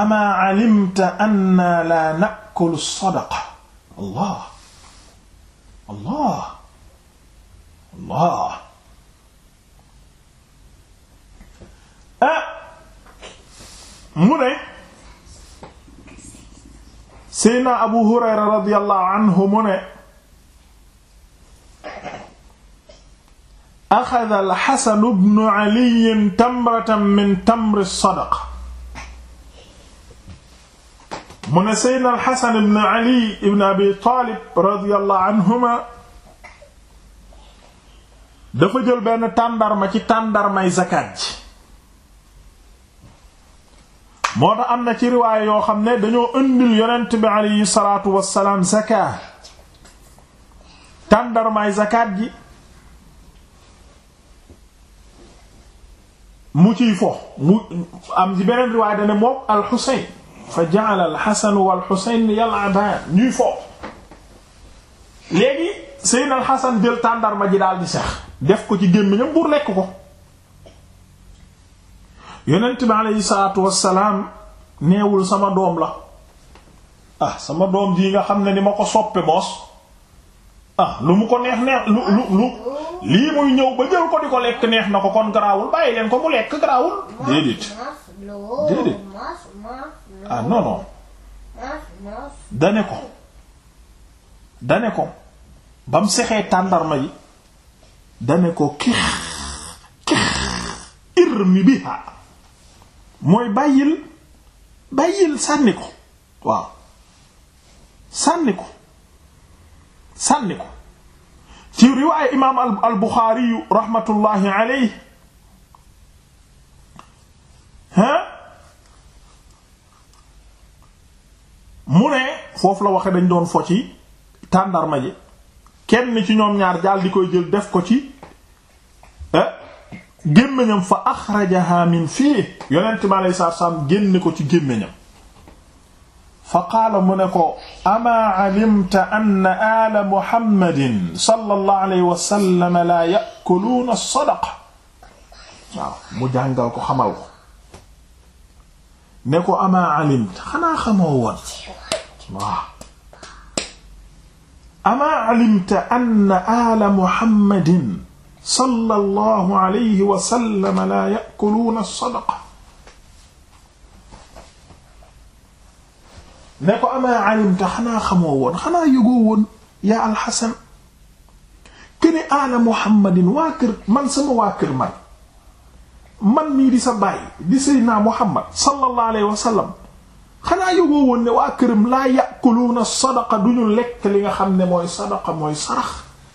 amaa alimta anna laa nakulu sadaqa allah allah allah ah mu ne seydna abu hurayra radiyallahu anhu mu ne axada alxasanu bnu aliyin tamratan min tamri sadaqa mu ne seydna alxasan ibn ali ibn abi taalib radiyallahu anhuma dafa jël benn tàndarma ci tàndarmay zakat ji moo tax am na ci riwaaya yoo xam ne dañoo ëndil yonent bi aleyhi salaatu wassalaam zakat tàndarmay zakat ji mu ci fo am ci beneen riwaaya dane moom al xuseyn fa ja'ala al-Hasan wal-Husayn yal'abaan ñuy foofu léegi Seydina al-Hasan jël tàndarma ji daal di sex def ko ci gémmiñam buur lekk ko yonent bi aleyhi salaatu wassalaam neewul sama doom la ah sama doom jii nga xam ne ni ma ko soppee boos ah lu mu ko neex neex lu lu lu lii muy ñëw ba jël ko di ko lekk neex na ko kon garaawul bàyyi leen ko mu lekk garaawul déedéet déedéet ah non non dane ko dane ko ba mu sexee tàndarma yi dane ko kix kix irmi biha mooy bàyyil bàyyil sànni ko waaw sànni ko sànni ko ci riwaaya imaam al Buxaari rahmatullahi alayhi ha mu ne foofu la waxe dañ doon fo ci tàndarma ji kenn ci ñoom ñaar daal di koy jël def ko ci eh, gémmiñam fa axrajaha min fii yonent mi aleyi salaatu ko ci gémmiñam fa qaala mu ne ko amaa alimta anna ala muhammadin sallallahu alayhi wa sallam la yakuluuna sadaqa mu jàngal ko xamal ne ko ama alimta xanaa xamoo woon waaw ama alimta anna ala muhammadin sallallahu alayhi wa sallam xanaa xamoo woon xanaa yëgoo woon yaa alxasan kene ala muhammadin man sama waa kër man man mii di sa baay di seydinaa muhammad sallallahu alayhi wa sallam xanaa yógoo woon ne waa këram laa yàquluuna sadaqa du ñu lekk li nga xam ne mooy sadaqa mooy sarax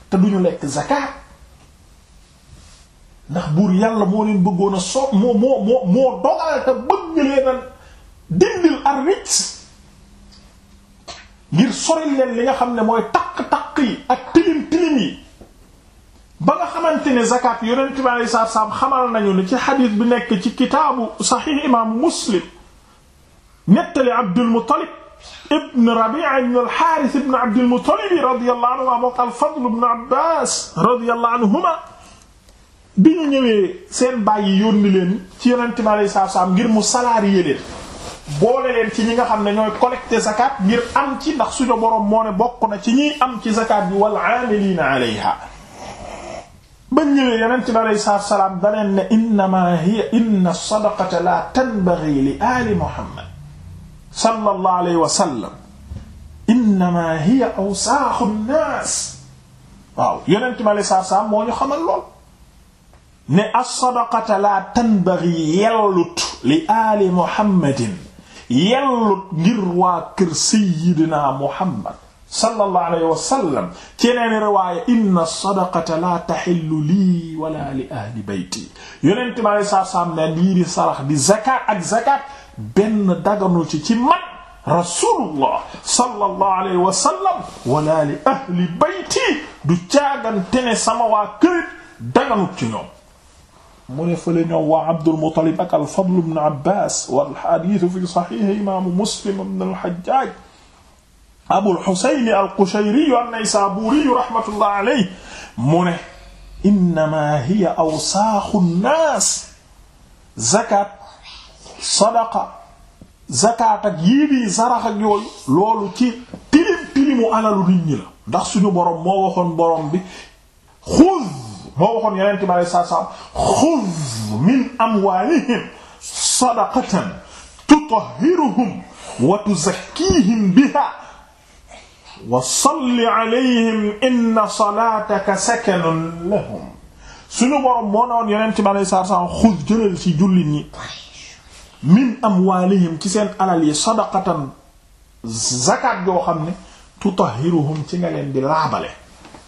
te duñu lekk zakat ndax buur yàlla moo leen bëggoon a so moo moo moo moo dogal te bëgg leen a dindil ngir soril leen li nga xam ne mooy takk-takk yi ak tilim tilim yi ba nga xamante ne zakat yonent bi alayhi salaatu salaam xamal nañu ne ci xadiis bi nekk ci kitaabu saxiix imaamu muslim nettali Abdul Muttalib ibn Rabi'a ibn al-Haaris ibn Abdul Muttalib radiyallahu anhu moom al-Fadl ibn Abbaas radiyallahu anhuma bi ñu ñëwee seen bàyyi yónni leen ci yonent bi alayhi salaatu salaam ngir mu salarié leen boole leen ci ñi nga xam ne ñooy collecter zakat ngir am ci ndax suñu boroom moo ne bokk na ci ñiy am ci zakat bi wal aamiliina alayha ba ñëwee yonent bi alayhi salaatu salaam da leen ne innamaa hiya inna sadaqata laa tanbaghii li aali Muhammad sallallahu alayhi wa sallam innamaa hiya awsaaxu nnaas waaw yonent bi alayhi salaatu salaam moo ñu xamal lool ne as-sadaqata laa tanbaghii yellut li aali Muhammadin yellut ngir waa kër Sayyidina Muhammad sallallahu alayhi wa sallam ci yeneen riwaaya inna sadaqata la taxillu lii wala li ahli bayti yonent ma lay saa saam ne lii di sarax di zakat ak zakat benn daganul ci ci man rasulullah sallallahu alayhi wa sallam wala li ahli bayti du caagante ne sama waa kër daganul ci ñoom mu ne fële ñoom waa Abdul Muttalib ak al-Fadl ibn Abbas wal hadiis fi sahih imaamu Muslim ibn al-Hajjaj Abul Husayni al-Qushayri an-Naysaburi rahmatullah alayhi mu ne innama hiya awsaaxu nnaas zakat sadaqa zakat ak yii di sarax ak yooyu loolu ci tilim tilimu alalu nit ñi la ndax suñu boroom moo waxoon boroom bi xuz moo waxoon yeneen bi alei sat u selaam xuz min amwalihim sadaqatan tutahhiruhum wa tuzakkihim biha wa salli alayhim inna salaataka sakanun lahum suñu borom moo noon yonent bi alayhi salaatu wa salaam xuz jëlal ci jullit ñi min amwaalihim ci seen alal yi sadaqatan zakat yoo xam ne tutahhiruhum ci nga leen di laabale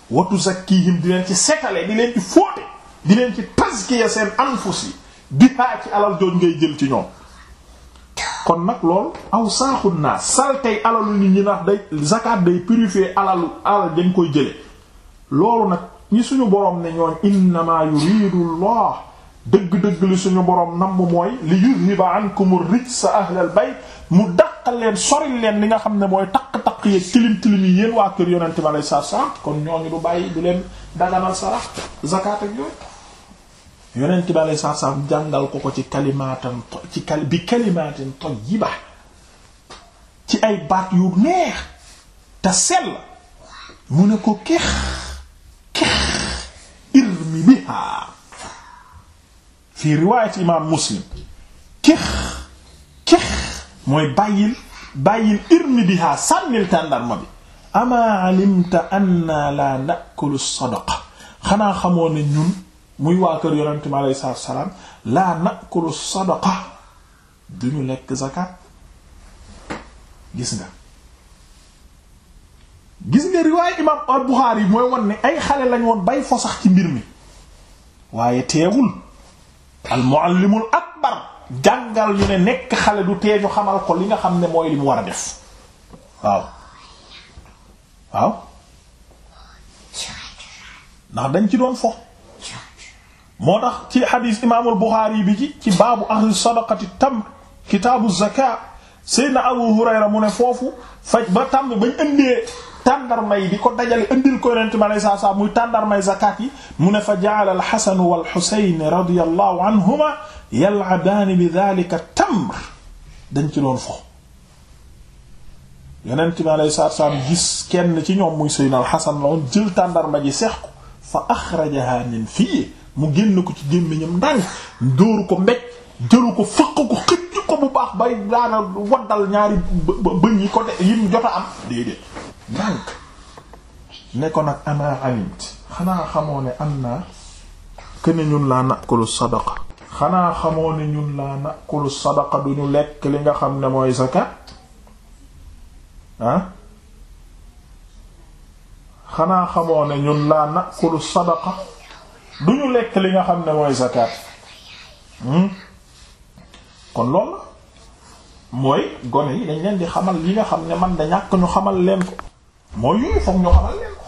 wa tuzakkihim di leen ci setale di leen ci fóote di leen ci tazkiya seen anfus yi di haa ci alal jooj ngay jël ci ñoom kon nag loolu aw saaxul naa saltey alalu nit ñi ndax day zakat day purifier alalu alal dañ koy jële loolu nag ñi suñu borom ne ñooñ innama yuridu llah dëgg-dëgg li suñu borom namm mooy li yuzhiba ankumur sa ahlal bayt mu dàqal leen soril leen li nga xam ne mooy taq-taq yeeg tilim tilim yi yéen waa kër yonente bi alayhi salaam kon ñooñu bàyyi du leen daganal sarax zakat ak yooyu yonent bale sarsam jàngal ko ko ci kalimatan ci kal bi kalimatin tayyiba ay baat yu te sell mu ne ko kex kex irmi biha fi riwaayat imaam muslim kex kex mooy bàyyil irmi biha sànnil tàndarma bi ama alimta anna la nakulu sadaqa xanaa xamoon ne ñun muy waa kër yonent mi aleyhi salaatu salaam laa nakulu sadaqa duñu lekk zakat gis nga gis nga riwaay imam al-Bukhari yi mooy won ne ay xale lañ woon bay fosax ci mbir mi waaye teewul al-muallimul akbar jàngal ñu ne nekk xale du teeñu xamal ko li nga xam ne mooy li mu war a def waaw waaw ndax dañ ci doon fo moo tax ci xadiis imaamul Buxaari bi ci ci baabu axdi sadaqati tam kitaabu zaka Seydina Abu Hurayra mu ne foofu faj ba tam bañ ëndee tàndarma yi di ko dajale indil ko yonent bi alayhi salaam muy tàndarmay zakat yi mu ne fa ja'ala al-Hasan wal-Husayn radiyallahu anhuma yal'abaani bi dhaalika tamr dañ ci doon fo yonent bi alayhi salaam gis kenn ci ñoom muy Seydina al-Hasan la woon jël tàndarma ji seex ko fa axrajahaa min fii mu génn ko ci gémmiñam ndànk dóoru ko mbéj jëlu ko fëq ko xëcc ko bu baax bay daana waddal ñaari bëñ yi ko de yi mu jot am déedéet ndànk ne ko nag ana alimt xanaa xamoo ne am naa këne ñun laa nakulu sadaqa xanaa xamoo ne ñun laa nakulu sadaqa lekk li nga xam ne mooy zakat ah xanaa xamoo ne ñun laa nakulu sadaqa du ñu lekk li nga xam ne mooy zakat hmm? kon loolu mooy gone yi dañ leen di xamal li nga xam ne man da ñàkk ñu xamal leen ko mooy yooyu foog ñu xamal leen ko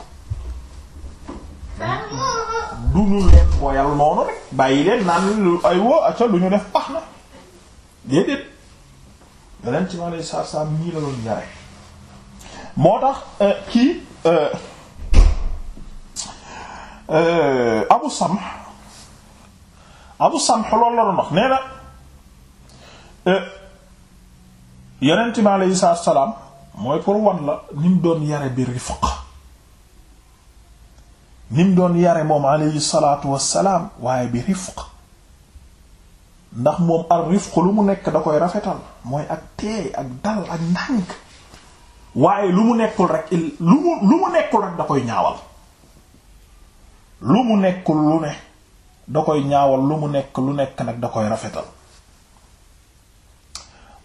du ñu leen boyal noonu rek bàyyi leen naan lu ay woo acca lu ñu def pax na déedéet da leen ci ma lay saar saar nii la doon yare moo tax euh, kii euh, Euh, abu samh abu samh loolu la doon wax nee na euh, yonent bi aleyhi salaatu wa salaam mooy pour wan la ni mu doon yare bi rifq ni mu doon yare moom aleyhi salaatu wa salaam waaye bi rifq ndax moom ar rifq lu mu nekk da koy rafetal mooy ak teey ak dal ak ndànk waaye lu mu nekkul rek lu mu lu mu nekkul rek da koy ñaawal lu mu nekk lu ne da koy ñaawal lu mu nekk lu nekk nag da koy rafetal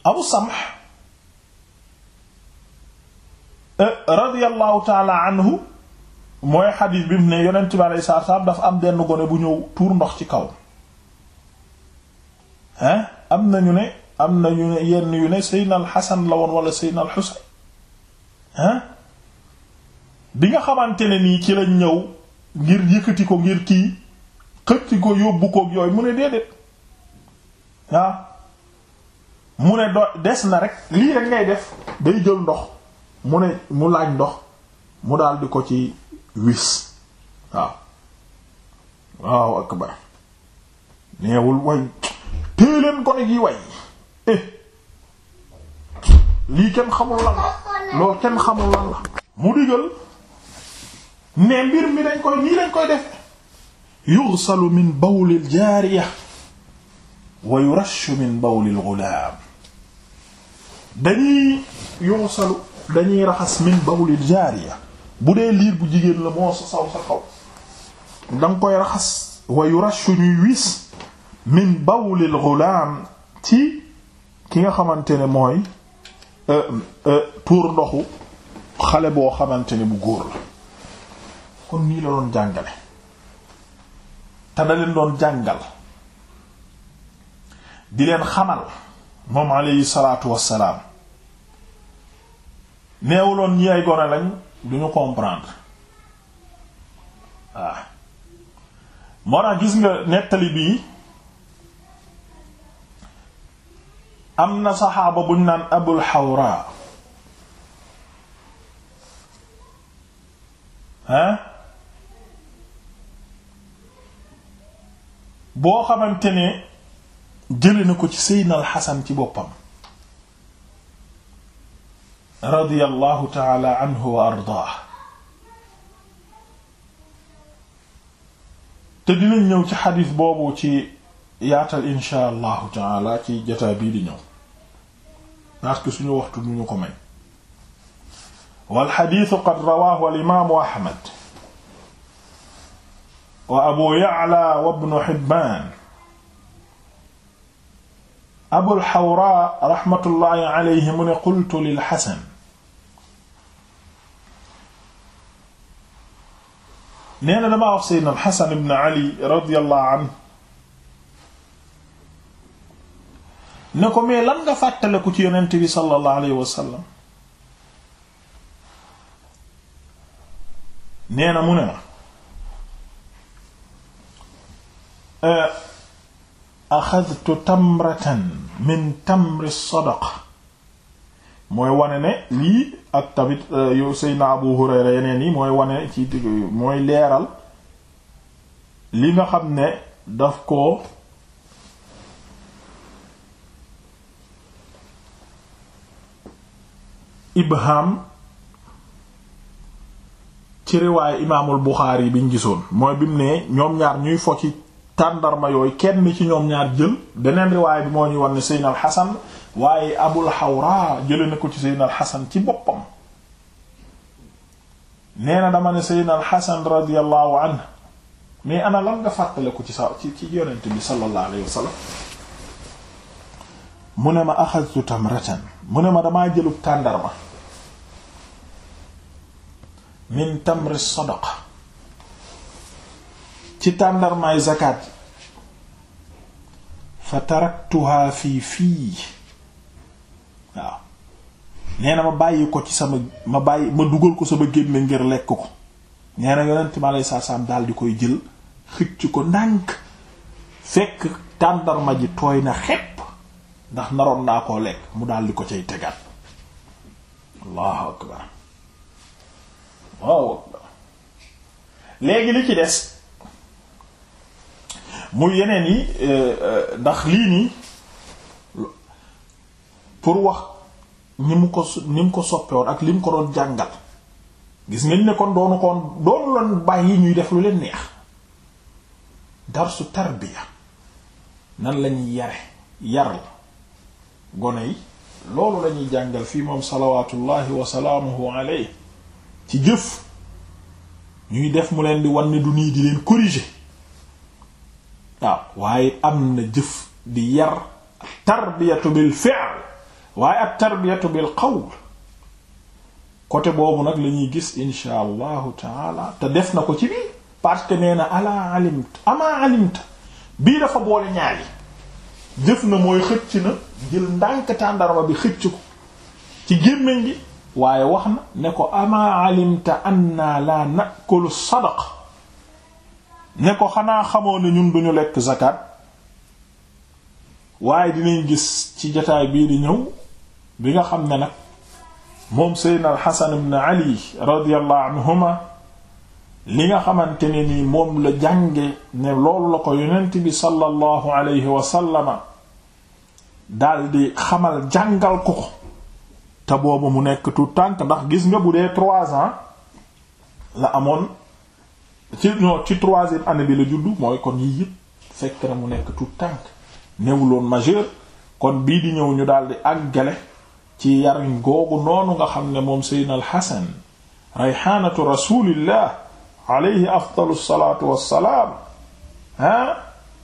abu samh eh, radiyallahu taala anhu mooy xadiis bi mu ne yonent bi alayhi salaatu salaam dafa am benn gone bu ñëw tuur ndox ci kaw hein am na ñu ne am na ñu ne yenn yu ne seydna al la woon wala seydna al hein bi nga xamante ne nii ci lañ ñëw ngir yëkkati ko ngir kii xëcc ko yóbbu koog yooyu mu ne déedéet waaw ah. mu ne do- des na rek lii rek ngay def day jël ndox mu ne mu laaj ndox mu daal di ko ci wis waaw waaw akbar neewul way téye leen ko ne gi way eh lii kenn xamul lan la loolu kenn xamul lan la mu digal mais mbir mi dañ koy nii lañ koy def yughsalu min bawli al-jaariya wa yurashu min bawl al-ghulaam dañuy yughsalu dañuy raxas min bawli al-jaariya bu dee liir bu jigéen la moo sa saw sa xaw da koy raxas wa yurashu ñuy wis min bawli al-ghulaam ci ki nga xamante ne mooy euh, euh, tuur ndoxu xale boo xamante ne bu góor la kon nii la doon jàngale te da doon jàngal di leen xamal moom alayhi salaatu wassalaam neewuloon ñi ay gone lañ duñu comprendre waaw moo tax gis nga nettali bii am na saxaaba buñ naan abul xawra hein boo xamante ne jëli na ko ci seydna alxasan ci boppam radiyallahu taala anhu wa ardaah te dinañ ñëw ci xadis boobu ci yaatal insha allahu taala ci jataa bii di ñëw parce que suñu waxtu nu ñu ko wal xadiisu qad rawaahu al imaamu ahmad wa abu ya'la wa ibnu hibbaan abul xawraa raxmatullaahi alayhi mu ne qultu lil xasan nee na damaa wax seydna alxasan ibn ali radiyallahu anhu ne ko mais lan nga fàttaleku ci yonent bi sallallahu alayhi wa sallam nee na mu ne ma axadtu tamratan min tamri sadaqa mooy wane ne lii ak tamit yow Seydina Abu Hurayra yeneen yi mooy wane mooy leeral li nga xam ne daf ko ibham ci riwaaye imaamul Buxaari yi biñ gisoon mooy bi mu ne ñoom ñaar ñuy fo tàndarma yooyu kenn ci ñoom ñaar jël beneen riwaay bi moo ñuy wan ne Seydina Alxasan waaye Abul Xawra jële na ko ci Seydina Alxasan ci boppam nee na dama ne Seydina Alxasan radiyallahu anhu mais ana nga fàttale ko ci sa ci ci bi sallallahu alayhi wa mu ne ma axadtu tamratan mu ne ma damaa jëlub tàndarma min tamri sadaqa ci tàndarmaay zakat fa taraktuha fii fii waaw nee ma bàyyi ko ci sama ma bàyyi ma dugal ko sama génne ngir lekk ko nee na yonent mi aleyhi salaatu salaam daal di koy jël xëcc ko ndànk fekk tàndarma ji tooy na xepp ndax naroon naa koo lekk mu daal di ko cay tegaat allahu akbar léegi li ci des mu yeneen yi euh, euh, ndax lii nii pour wax ni mu ko ni soppewoon ak li mu ko doon jàngal gis nga ne kon doonu koon doonu loon bàyyi ñuy def lu leen neex darsu tarbiya nan lañuy yare yaral gone yi loolu lañuy jàngal fii moom salawaatullahi wa salaamuhu alayhi ci jëf ñuy def mu leen di wan ne du nii di leen corriger waaw waaye am na jëf di yar tarbiyatu bil fi'l waaye ak tarbiyatu bil qawl côté boobu nag lañuy ñuy gis insha allahu taala te def na ko ci bii parce que nee na ala alimta ama alimta bii na mooy xëcc bi xëcc ko ci gémmiñ gi waaye wax na ne ko ama alimta anna la nakulu ne ko xanaa xamoo ne ñun duñu lekk zakat waaye dinañ gis ci jataay bii di ñëw bi nga xam ne nag moom seydna al xasan ibn ali radiyallahu anhuma li nga xamante ne moom la jànge ne loolu la ko yonent bi sallallahu alayhi wasallama daldi xamal jàngal ko ko te boobu mu nekk tout tànk ndax gis nga bu dee trois ans la amoon ci non ci année bi la juddu mooy kon yii yëpp mu nekk tout tànk newuloon majeur kon bii di ñëw ñu daal di àggale ci yarin googu noonu nga xam ne moom seydna alxasan rayxaanatu rasulillah alayhi afdalu lsalatu wassalaam ah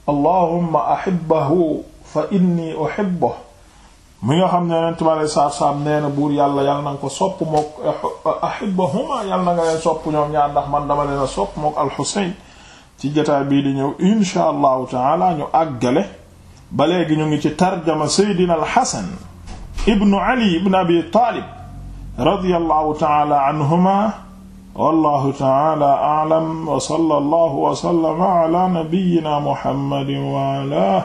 a ahibbahu fa inni uhibbuhu mi nga xam ne yonent bi alei saatu nee na buur yàlla yàlla na nga ko sopp mook ahibahuma yàlla na nga leen sopp ñoom ñaar ndax man dama leen a sopp mook alxusayn ci jotaay bii di ñëw insha allahu taala ñu àggale ba léegi ñu ngi ci tarjama seydina alxasan ibnu ali ibn abi taalib radiyallahu taala anhuma wallahu taala a'lam wa sallallahu wa